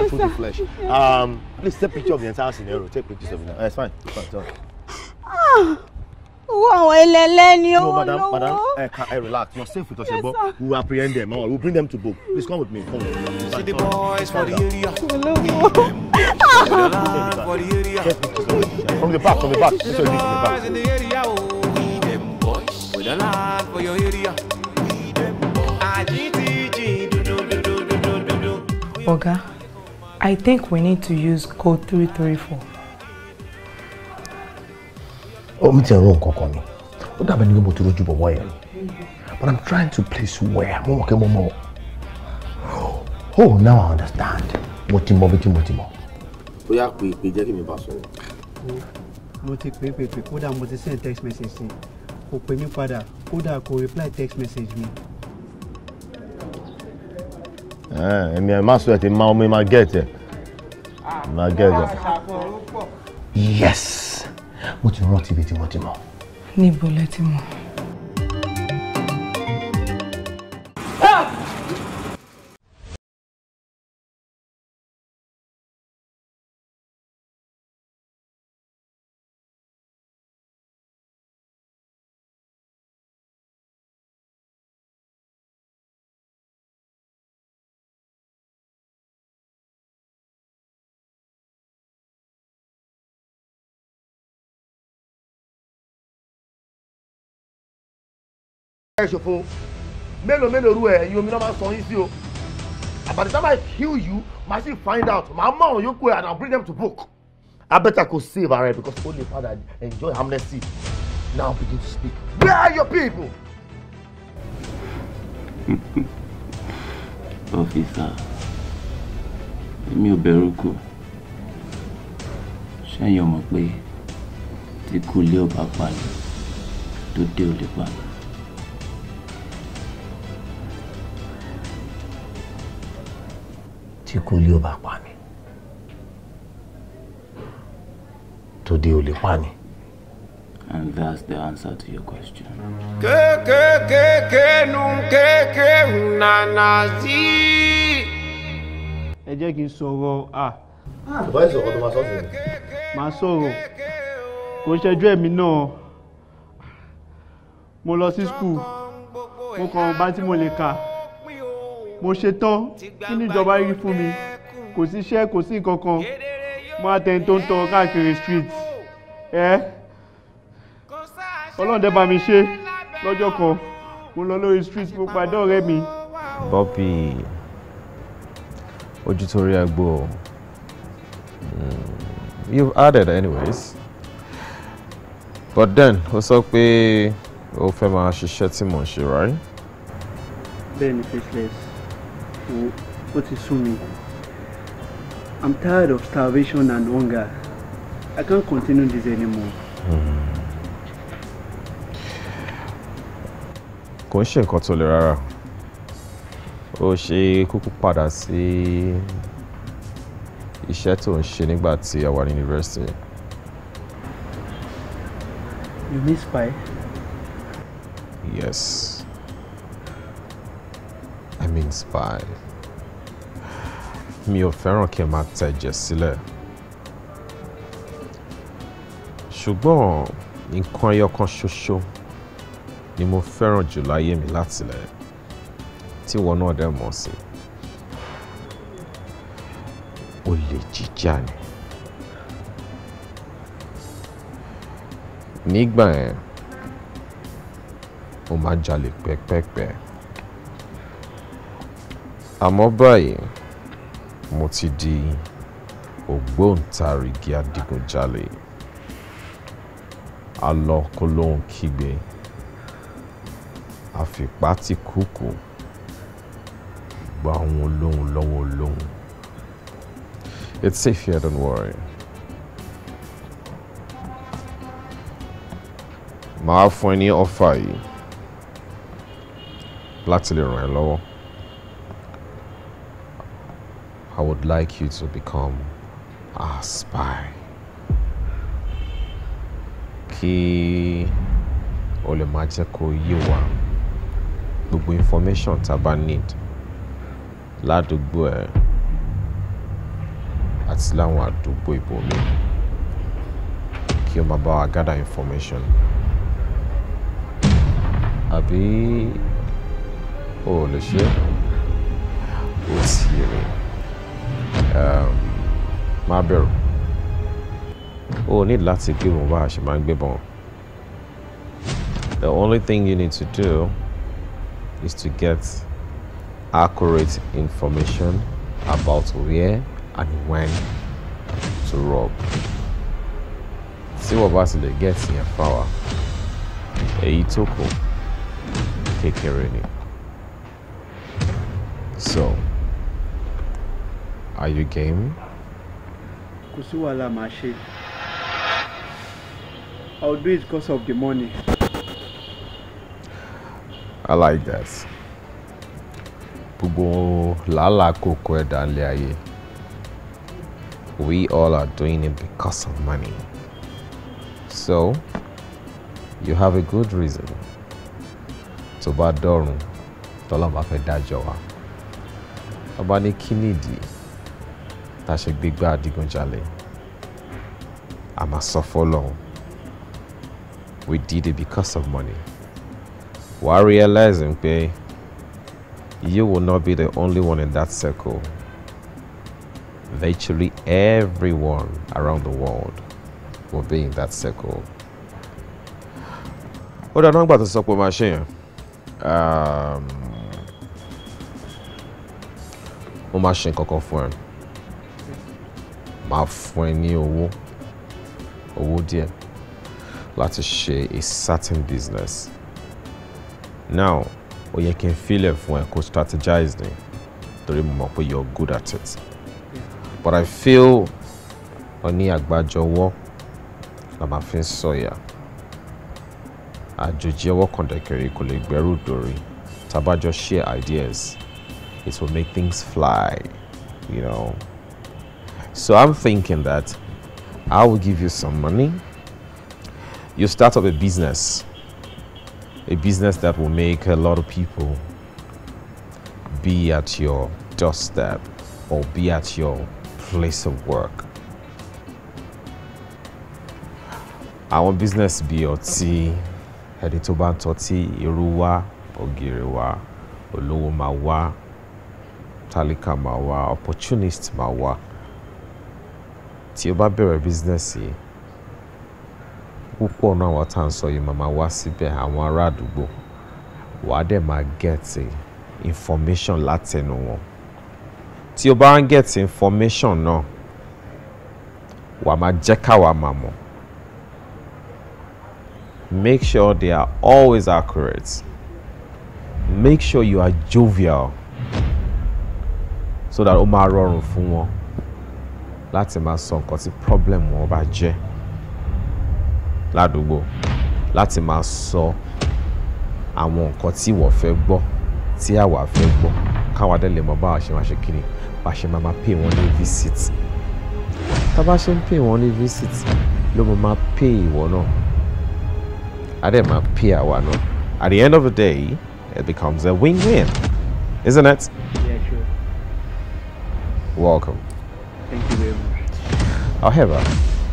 can't pull the flesh. Um, please take picture of the entire scenario. Take pictures of it. Uh, it's fine. It's fine. It's all right. Ah, àwọn No, madam, madam, eh, can, eh, relax. You're safe with us, yes, but we will apprehend them. All. Oh, we'll bring them to book. Please come with me. Come with me. See the boys for the area. Ah. From the back, from the back. from the back. Oh, we them boys. We the land for your area. We them boys. Ọ̀gá. I think we need to use code 334. Oh, mi ti run kankan ni. Ó dàbí ni mo ti rojú bọ̀bọ̀ But I'm trying to place where mo mọ̀ kẹ́ Oh, now I understand. Mo ti mọ̀ bí ti mo ti mọ̀. Ó yá pé pé jẹ́ kí mi bá sọ̀rọ̀. Mo ti send text message sí. Kò pè mí padà kódà kò reply text message mi. Me. Eh, èmi ẹ̀ má sweat ma omi ma get ẹ̀ ma get ẹ̀. yes mo ti rántí ibi tí mo ti mọ̀. níbo lẹ ti mọ̀. Ah! ẹ ṣòfò mélòó mélòó ru ẹ ẹyin omi náà máa sọ yín sí o the time I kill you máa sì find out máa mọ àwọn yòókù ẹ and I'll bring them to book abẹ́ta kò save ara ẹ because only Father enjoy amnesty now begin to speak where are your people. ọ́fíìsà èmi ò bẹ̀rù kù ṣẹ́yìn ọmọ pé tí kú lé ọba pa ni tó dé ò pa ni. tí kò lé ọba pa ni tòde ò lè pa ni. And that's the answer to your question. Kékékéké nu nana zi. Ẹ jẹ́ kí n sọ̀rọ̀ a. Ah, bàbá yìí sọ̀rọ̀ tó máa sọ sí mi. Màá sọ̀rọ̀. Kò ṣẹjú ẹ̀mí náà. Mo lọ sí skul. Mo kàn bá tí mo lè kà mo ṣe tán kí níjọba rí fún mi kò sí iṣẹ́ kò sí nǹkan kan mo á tẹni tó ń tọ káàkiri street ẹ ọlọ́run dẹ́ bá mi ṣe lọ́jọ́ kan mo lọ lórí street mo pàdé ọ̀rẹ́ mi. Bobby ojú tó rí agbo o hmm, you've added anyways but then o sọ pé o fẹ́ máa ṣiṣẹ́ tí mò ń ṣe right. bẹ́ẹ̀ faceless wo ó ti sún mi i'm tired of starvation and hunger i can't continue this anymore. Hmm. kò ń ṣe nǹkan tó le rárá ó ṣe kúkú padà sí iṣẹ́ tó ń ṣe nígbà tí a wà ní yunifásitì. you miss pie. yes. I mean spy. Mi ò fẹ́ràn kí n máa tẹ̀jẹ̀ sílẹ̀. Ṣùgbọ́n nǹkan ẹyọ kan ṣoṣo ni mo fẹ́ràn jù láyé mi látilẹ̀ tí ìwọ náà dẹ̀ mọ̀ sí. Olè jíjà ni. Nígbà yẹn, mo máa jalè pẹ́pẹ́pẹ́ àmọ́ báyìí mo ti di ògbóǹtarìgì adigunjalè alọ kó lóhun kígbe àfipá ti kúkú gba ohun olóhun lọ́wọ́ olóhun it's safe here don't worry. màá fún ẹ ní ọ̀fà yìí láti lè ràn ẹ́ lọ́wọ́. would like you to become a spy. Kí o lè máa jẹ́ kó yé wa gbogbo information tá a bá need ládùúgbò ẹ̀ àti láwọn àdúgbò ìbomi kí o máa bá wa gather information. Àbí o lè ṣe é? O sì rè Um, má bẹ̀rù Oh, need lots of people wash a ṣe máa the only thing you need to do is to get accurate information about where and when to rob tí wọ́n bá See what ba gẹ̀ẹ́tì yẹn power. èyí itoko. Take care of ni so. Are you game? Kò sí wàhálà màá ṣe. I'll do it because of the money. I like that. Gbogbo làálàá kòkó ẹ̀dá ilé ayé. We all are doing it because of money. So, you have a good reason. Tó bá dọ̀run, tọ́lá bá fẹ́ dájọ́ wa. Ọba ní kí nìdí tá a ṣe gbégbá adigunjalè a máa sọ fọlọ́run we did it because of money wàá realizing pé you will not be the only one in that circle virtually everyone around the world will be in that circle. ó dáa nígbà tó sọ pé máa ṣe yẹn mo um, máa ṣe nǹkan kan fún ẹ máa fún ẹ ní owó owó díẹ̀ láti ṣe a certain business now ó yẹ kí n feel fún ẹ kó strategize ni torí mo mọ̀ pé you're good at it but I feel ó ní àgbájọwọ́ la máa fi ń sọ̀yà àjòjì ọwọ́ kan dẹ̀kẹ̀rẹ̀ kò lè gbẹ́rù dòrí tá share ideas it will make things fly you know. So I'm thinking that I will give you some money. You start up a business, a business that will make a lot of people be at your doorstep or be at your place of work. Our business be ọtí ẹni tọ́tí Iruwa, Ogiriwa, ògiri wa tálíkà mawa. opportunist mawa. tí o bá bẹ̀rẹ̀ bísínẹ́sì yìí púpọ̀ náà wọ́n tá à ń sọ yìí màmá wá síbẹ̀ àwọn ará àdúgbò wàá dẹ̀ máa gẹ̀ẹ́tì information látẹnu wọn tí o bá ń gẹ̀ẹ́tì information náà wàá máa jẹ́ káwa máa mọ̀ make sure they are always accurate make sure you are jovial so that ó máa rọrùn fún wọn láti máa sọ nǹkan tí problem wọn bá jẹ́ ládùúgbò láti máa sọ àwọn nǹkan tí ìwọ fẹ́ gbọ́ tí àwa fẹ́ gbọ́ káwa dẹ̀ lè báwa ṣe máa ṣe kiri bá ṣe máa máa pay wọn ní visit tá a bá ṣe ń pay wọn ní visit ló máa máa pay ìwọ náà á dẹ̀ máa pay àwa náà at the end of the day it becomes a win-win isn't it? Yeah, sure. Welcome. Thank you very much. However,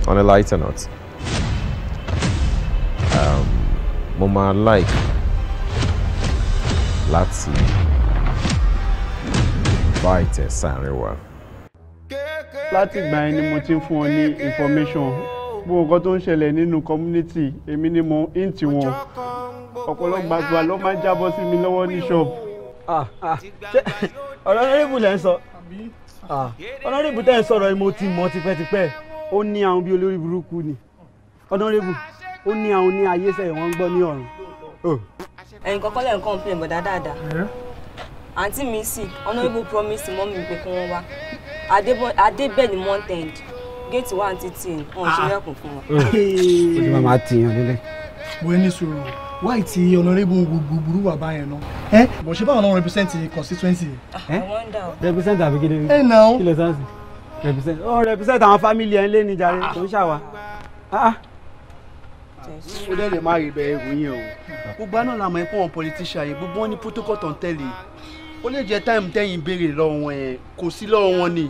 on a lighter note, um, like láti bá ìtẹ̀ sáàrin wa. láti ìgbà yẹn ni mo ti ń fún information bó nǹkan tó ń ṣẹlẹ̀ nínú community èmi ni mo ń tì wọ́n ọ̀pọ̀lọpọ̀ àgbà ló máa ń jábọ́ sí mi lọ́wọ́ ah. ah. ṣọ́ọ̀bù. ọ̀rọ̀ erébùlẹ̀ ń sọ ọ̀nàrẹ́bù ah, tẹ́ ẹ sọ̀rọ̀ ẹ mo ti mọ̀ tipẹ́tipẹ́ ó ní àwọn bíi olórí burúkú ni ọ̀nàrẹ́bù ó ní àwọn ní ayé sẹ́yìn wọ́n ń gbọ́ ní ọ̀run. Oh. ẹ̀yin kọ́kọ́ lẹ́yìn kan pè mọ̀dá dáadáa eh? àǹtí mi sì ọ̀nàrẹ́bù promise mọ́ mi pé kí wọ́n wá adébẹ̀ ni mountain géètì wà ní títì ọ̀hún ṣe lẹ́kùn ah. fún wa. Eh. ó ti máa máa wẹ́ẹ́ ní sùúrù why ti honourable gbogbooru wà báyẹn náà. ẹ bọ̀ ṣe báwọn náà represent constituency. Ah, eh? ẹ represent àbíkílẹ̀ ẹ náà kí lè sáǹsì represent ọ represent àwọn family ẹ ń lé ní jàre tó ah. ń ṣàwà. Ah, ó dẹ́ lè má rí bẹ́ẹ̀ ewu yẹn o gbogbo àná làmọ́ ẹ̀pọ̀ wọn politician yìí gbogbo wọn ní protocol tó ń tẹ̀lé ó lè jẹ́ táìmù tẹ́yìn béèrè lọ́wọ́ wọn ẹ̀ kò sí lọ́wọ́ wọn ni.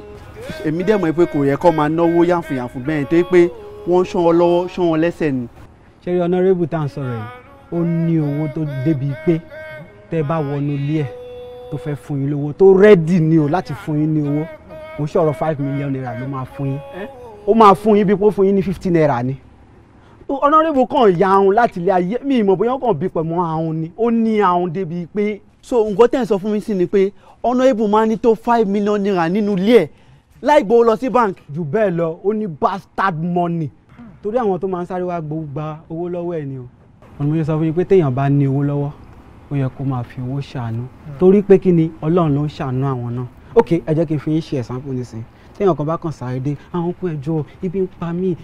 èmi dẹ̀ mọ̀ pé kò yẹ kó máa náwó yànfùyànfù bẹ́ẹ̀ tó yẹ pé wọ́n ń ṣán ọ lọ́wọ́ ṣán ọ lẹ́sẹ̀ ni. ṣé rí honourable tá à ń sọ̀rọ̀ yìí ó ní owó tó débi pé tẹ́ bá wọnú ilé ẹ̀ tó fẹ́ fún yín lówó tó rẹ́dì ni o láti fún yín ní owó mo ṣọ̀rọ̀ five million naira ló máa fún yín ó máa fún yín bí pé ó fún yín ní fifteen naira ni ọ̀nàrẹ́bù kan ya ahun láti ilé ayé mi ìmọ̀ bóyá kàn bí pẹ̀mọ́ ahun ni ó ní ahun débi pé. so nǹkan tẹ̀ ń sọ fún mi sí ni pé ọ̀nàrẹ́bù máa ní tó five million naira nínú ilé ẹ̀ láì gbowó lọ sí bank. jù bẹ́ẹ̀ lọ ó ní bastard money torí àwọn tó máa ń sáré wá gbowó gba owó lọ́wọ́ ẹ̀ ni o ọ̀nà mo yẹ sọ fún yín pé téèyàn bá ní owó lọ́wọ́ ó yẹ kó máa fi owó ṣàánú hmm. torí pé kí ni ọlọ́run ló ń ṣàánú àwọn náà ok ẹ jẹ́ kí n fi yín ṣe ẹ̀sán fún nísìnyí téèyàn kan bá kàn sáré dé àwọn kún ẹjọ́ ibi ń pa mí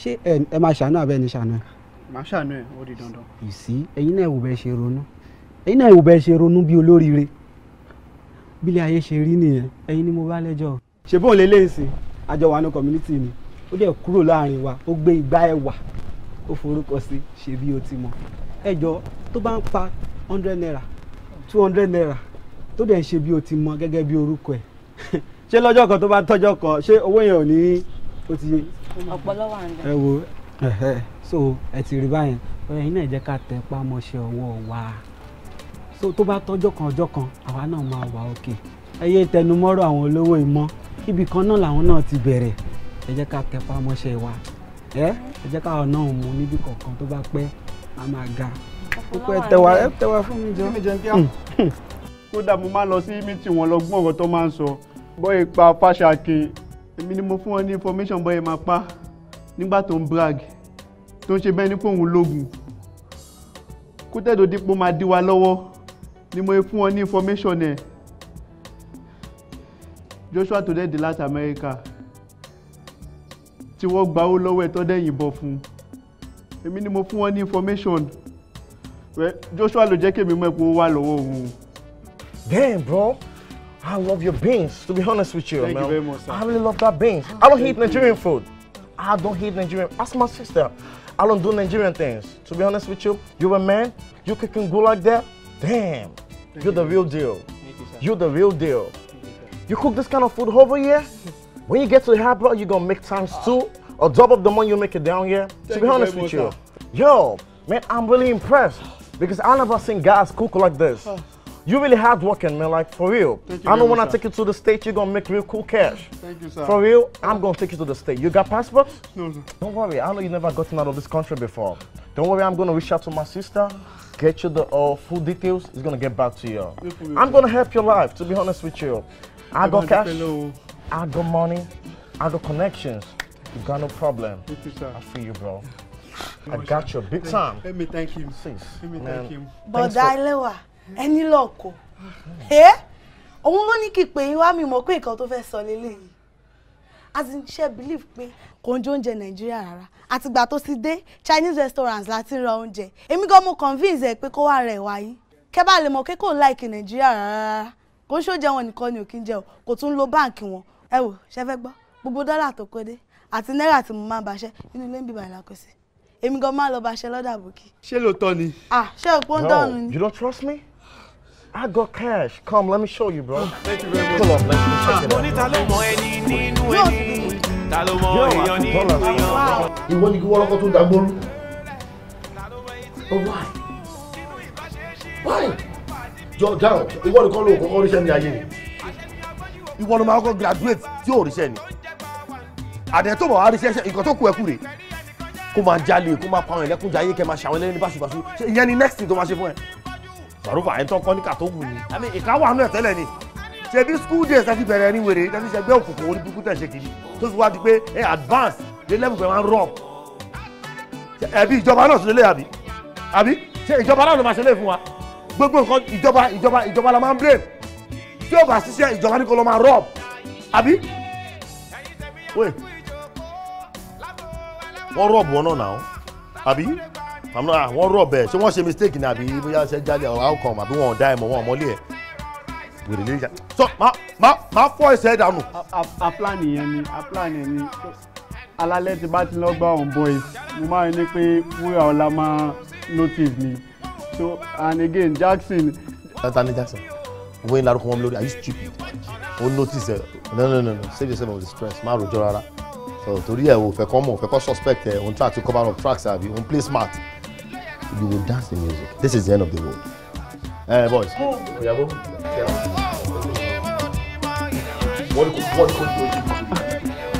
ṣé ẹ máa ṣàánú àbẹ́ ẹni ṣàánú ẹ. màá ṣàánú ẹ ó di dandan. ìsí ẹ̀yin náà ìwò bẹ́ẹ̀ ṣe ronú ẹ̀yin náà ìwò bẹ́ẹ̀ ṣe ronú bí olóríire bílẹ̀ ayé ṣe rí nìyẹn ẹ̀yin ni mo bá lẹ́jọ́. ṣe bóun lè léèsì àjọwànú community ni ó dẹ̀ kúrò láàrin wa ó gbé igbá ẹwà ó forúkọ sí ṣe bí o ti mọ ẹjọ tó bá ń pa hundred naira two hundred naira tó dẹ̀ ń ṣe bí o ti mọ gẹ́gẹ́ bí orúkọ ẹ̀ ṣé lọ́jọ́ kan tó bá tọ́jọ́ kan ṣé owó yẹn ò ní o ti. ọ̀pọ̀lọpọ̀ àǹdà. ẹ wo so ẹ ti rí báyẹn ọ̀rẹ́ yín náà jẹ́ ká tẹ pámọ́ṣẹ́ ọwọ́ wa so tó bá tọ́jọ́ kan ọjọ́ kan àwa náà máa wà òkè ẹ yé tẹnumọ́rọ̀ àwọn olówó ìmọ̀ ibì kan náà làwọn náà ti bẹ̀rẹ̀ ẹ jẹ́ ká tẹ pámọ́ṣẹ́ wa ẹ ẹ jẹ́ káwọn náà mú níbi kọ̀ọ̀kan tó bá pẹ́ a máa ga púpọ̀ ẹ tẹwa ẹ tẹwa fún mi jọ. mi jẹun kíá hmm. kódà mo máa lọ sí mítì wọn lọ gbọ́n ọ̀rọ̀ tó máa ń sọ bọ́yì pa fáṣákin èmi ni mo fún wọn ní information bọ́yì máa pa nígbà tó ń brag tó ń ṣe bẹ́ẹ̀ ní pé òun lógun kó tẹ̀dọ̀ dípò máa dí wa lọ́wọ́ ni mo fún wọn ní information ẹ̀ Joshua tó dẹ̀ dé láti America tí wọ́n gbawó lọ́wọ́ ẹ̀ tó dẹ̀ fún un èmi ni mo fún wọn ní information well Joshua ló jẹ́ kémi mọ̀ ẹ́ pé ó wà lọ́wọ́ òun. damn bro I love your beans to be honest with you. thank man. you very much sir. I really love that beans I don't eat Nigerian food I don't eat Nigerian ask my sister I don't do Nigerian things to be honest with you you a man you cooking good like that damn you. the real deal you, the real deal you cook this kind of food over here. When you get to the bro, you're gonna make times two or double the money you make it down here. to be honest with you. Time. Yo, man, I'm really impressed because I never seen guys cook like this. You really hard working, man, like for real. Thank you I know when I take you to the state, you're gonna make real cool cash. Thank you, sir. For real, I'm gonna take you to the state. You got passport? No, sir. Don't worry, I know you never gotten out of this country before. Don't worry, I'm gonna reach out to my sister, get you the uh, full details, it's gonna get back to you. I'm gonna help your life, to be honest with you. I got cash. add the money, add the connections. You got no problem. Thank you, sir. I feel you, bro. I got you big time. Let me thank him. Sis, Let me thank him. But Ẹlẹ́wà, ẹni lọ́kọ̀. Hmm. Ẹ́ òun ló ní kí pé yín wá mi mọ̀ pé nǹkan tó fẹ́ sọ lélẹ́yìí. As in ṣe believe pé kò ń jẹ oúnjẹ Nàìjíríà rárá. Àtìgbà Chinese restaurants Latin ra oúnjẹ. Èmi gan mo convince ẹ pé kó wá rẹ̀ wáyé. Kẹ́ bá lè mọ̀ pé kò láìkì Nàìjíríà rárá. Kò ń ṣó jẹ wọn nìkan ni ò kí ń jẹ o. Kò ẹ wò ṣe fẹ́ gbọ́ gbogbo dọ́là tó kó dé àti náírà tí mo máa ń baṣẹ́ nínú ilé ń bíbá ìlàkó sí èmi gan máa lọ baṣẹ́ lọ́dà bòkì. ṣé lóòótọ́ ni. ah ṣé òpó ń dọ̀nù ni. you don't trust me? I got cash. Come, let me show you, bro. Thank you very much. Pull let me check it out. Money ta ló mọ ẹni nínú ẹni. Ta ló mọ èèyàn nínú èèyàn. Ìwọ ni kí wọ́n lọ́kọ́ tó dàgbóru. But why? Why? Jọ dáhùn, ìwọ nìkan ló kọ́kọ́ ríṣẹ́ ní ayé ni ìwọ ló máa kọ́ graduate tí yóò ríṣẹ́ ni àdẹ tó bọ̀ wá ríṣẹ́ ṣe nǹkan tó kù ẹkú rè kó máa jalè kó máa pààyàn lẹ́kún jayé kẹ́ máa ṣàwọn ẹlẹ́ni báṣubàṣu ìyẹn ni next thing tó máa ṣe fún ẹ. sàrúfà ẹ̀ ń tán kọ́níkà tó wù ní àmì ìkáwà náà tẹ́lẹ̀ ni ṣe bí school days ẹ ti bẹ̀rẹ̀ ní wèrè ẹ ti ṣe gbé òkùnkùn orí kúkú tẹ̀ ṣe kiri tó fi wá di pé ẹ advance dé level pẹ̀ máa ń rọ̀ ẹ̀bí ìjọba náà ṣe lé àbí àbí ṣe ìjọba náà ló máa ṣe lé fún wa gbogbo nǹkan ìjọba ìjọba ìjọba la máa ń blame tí o bá ṣiṣẹ́ ìjọba ní kò lọ máa rọ àbí wait wọ́n rọ̀bù wọn náà àbí ah, wọ́n rọ̀bù ẹ̀ ṣé wọ́n ṣe mistake ni àbí bóyá ṣe jáde outcome àbí wọ́n dá ẹ̀ mọ̀ mọ́lé ẹ̀ wèrè lè jà so máa máa máa fọ́ dànù. aplan yẹn ni aplan yẹn ni alalẹ ti bá ti lọ gba on boys mo máa ní pé wúrà ọlá máa notice mi so and again Jackson. tata ni Jackson gbogbo larúkọ wọn lórí are you stupid ó notice ẹ no no no no save yourself from the stress má rojọ́ rárá so torí ẹ ò fẹ́ kọ́ mọ̀ ò fẹ́ kọ́ suspect ẹ òun try to cover up tracks àbí òun play smart you will dance the music this is the end of the world. ẹ eh, boys ìyàwó wọ́n kò wọ́n kò ní ojú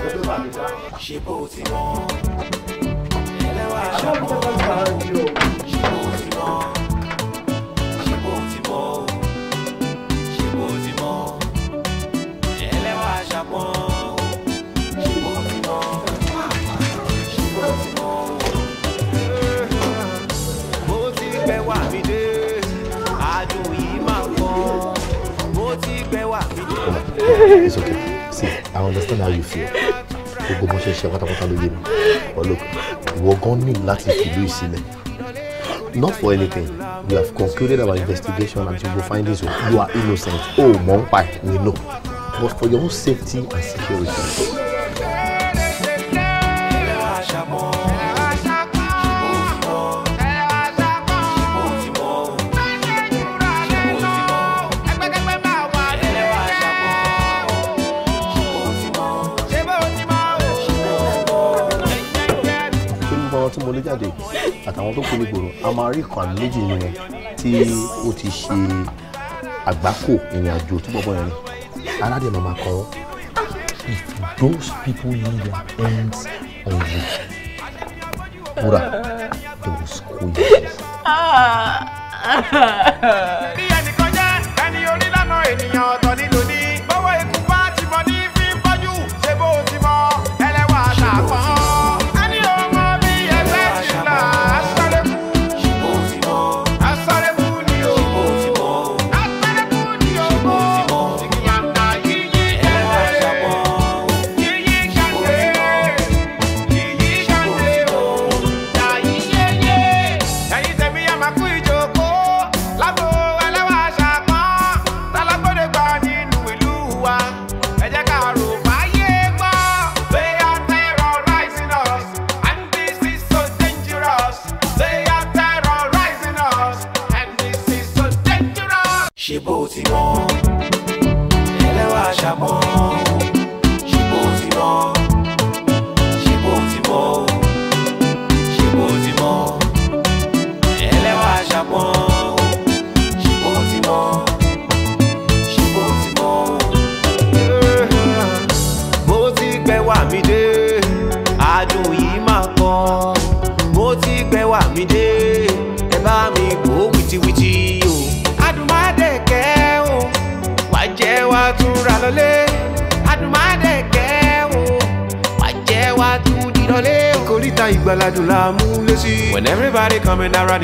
ẹgbẹ́ bó ti mọ́ ẹlẹ́wà ṣàkóso bá it's okay see i understand how you feel gbogbo bó ṣe ṣe pátápátá ló yé mi but look ìwọ gan ní láti fìlú ìsílẹ̀ not for anything we have concluded our investigation and you go find this one you are innocent Oh, mọ̀ n pa we know but for your own safety and security. àwọn tí mo lé jáde àtàwọn tó kú ní gbòòrò a máa rí ìkànnì méjì yẹn tí ó ti ṣe àgbákò ìrìn àjò tí bọ́bọ́ yẹn aládé màmá kọ́ if those people lay their hands on you wúrà those queens. Ah. bí ẹnì kan jẹ́ ẹni onílànà ènìyàn ọ̀tọ̀ ní.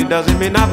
doesn't mean I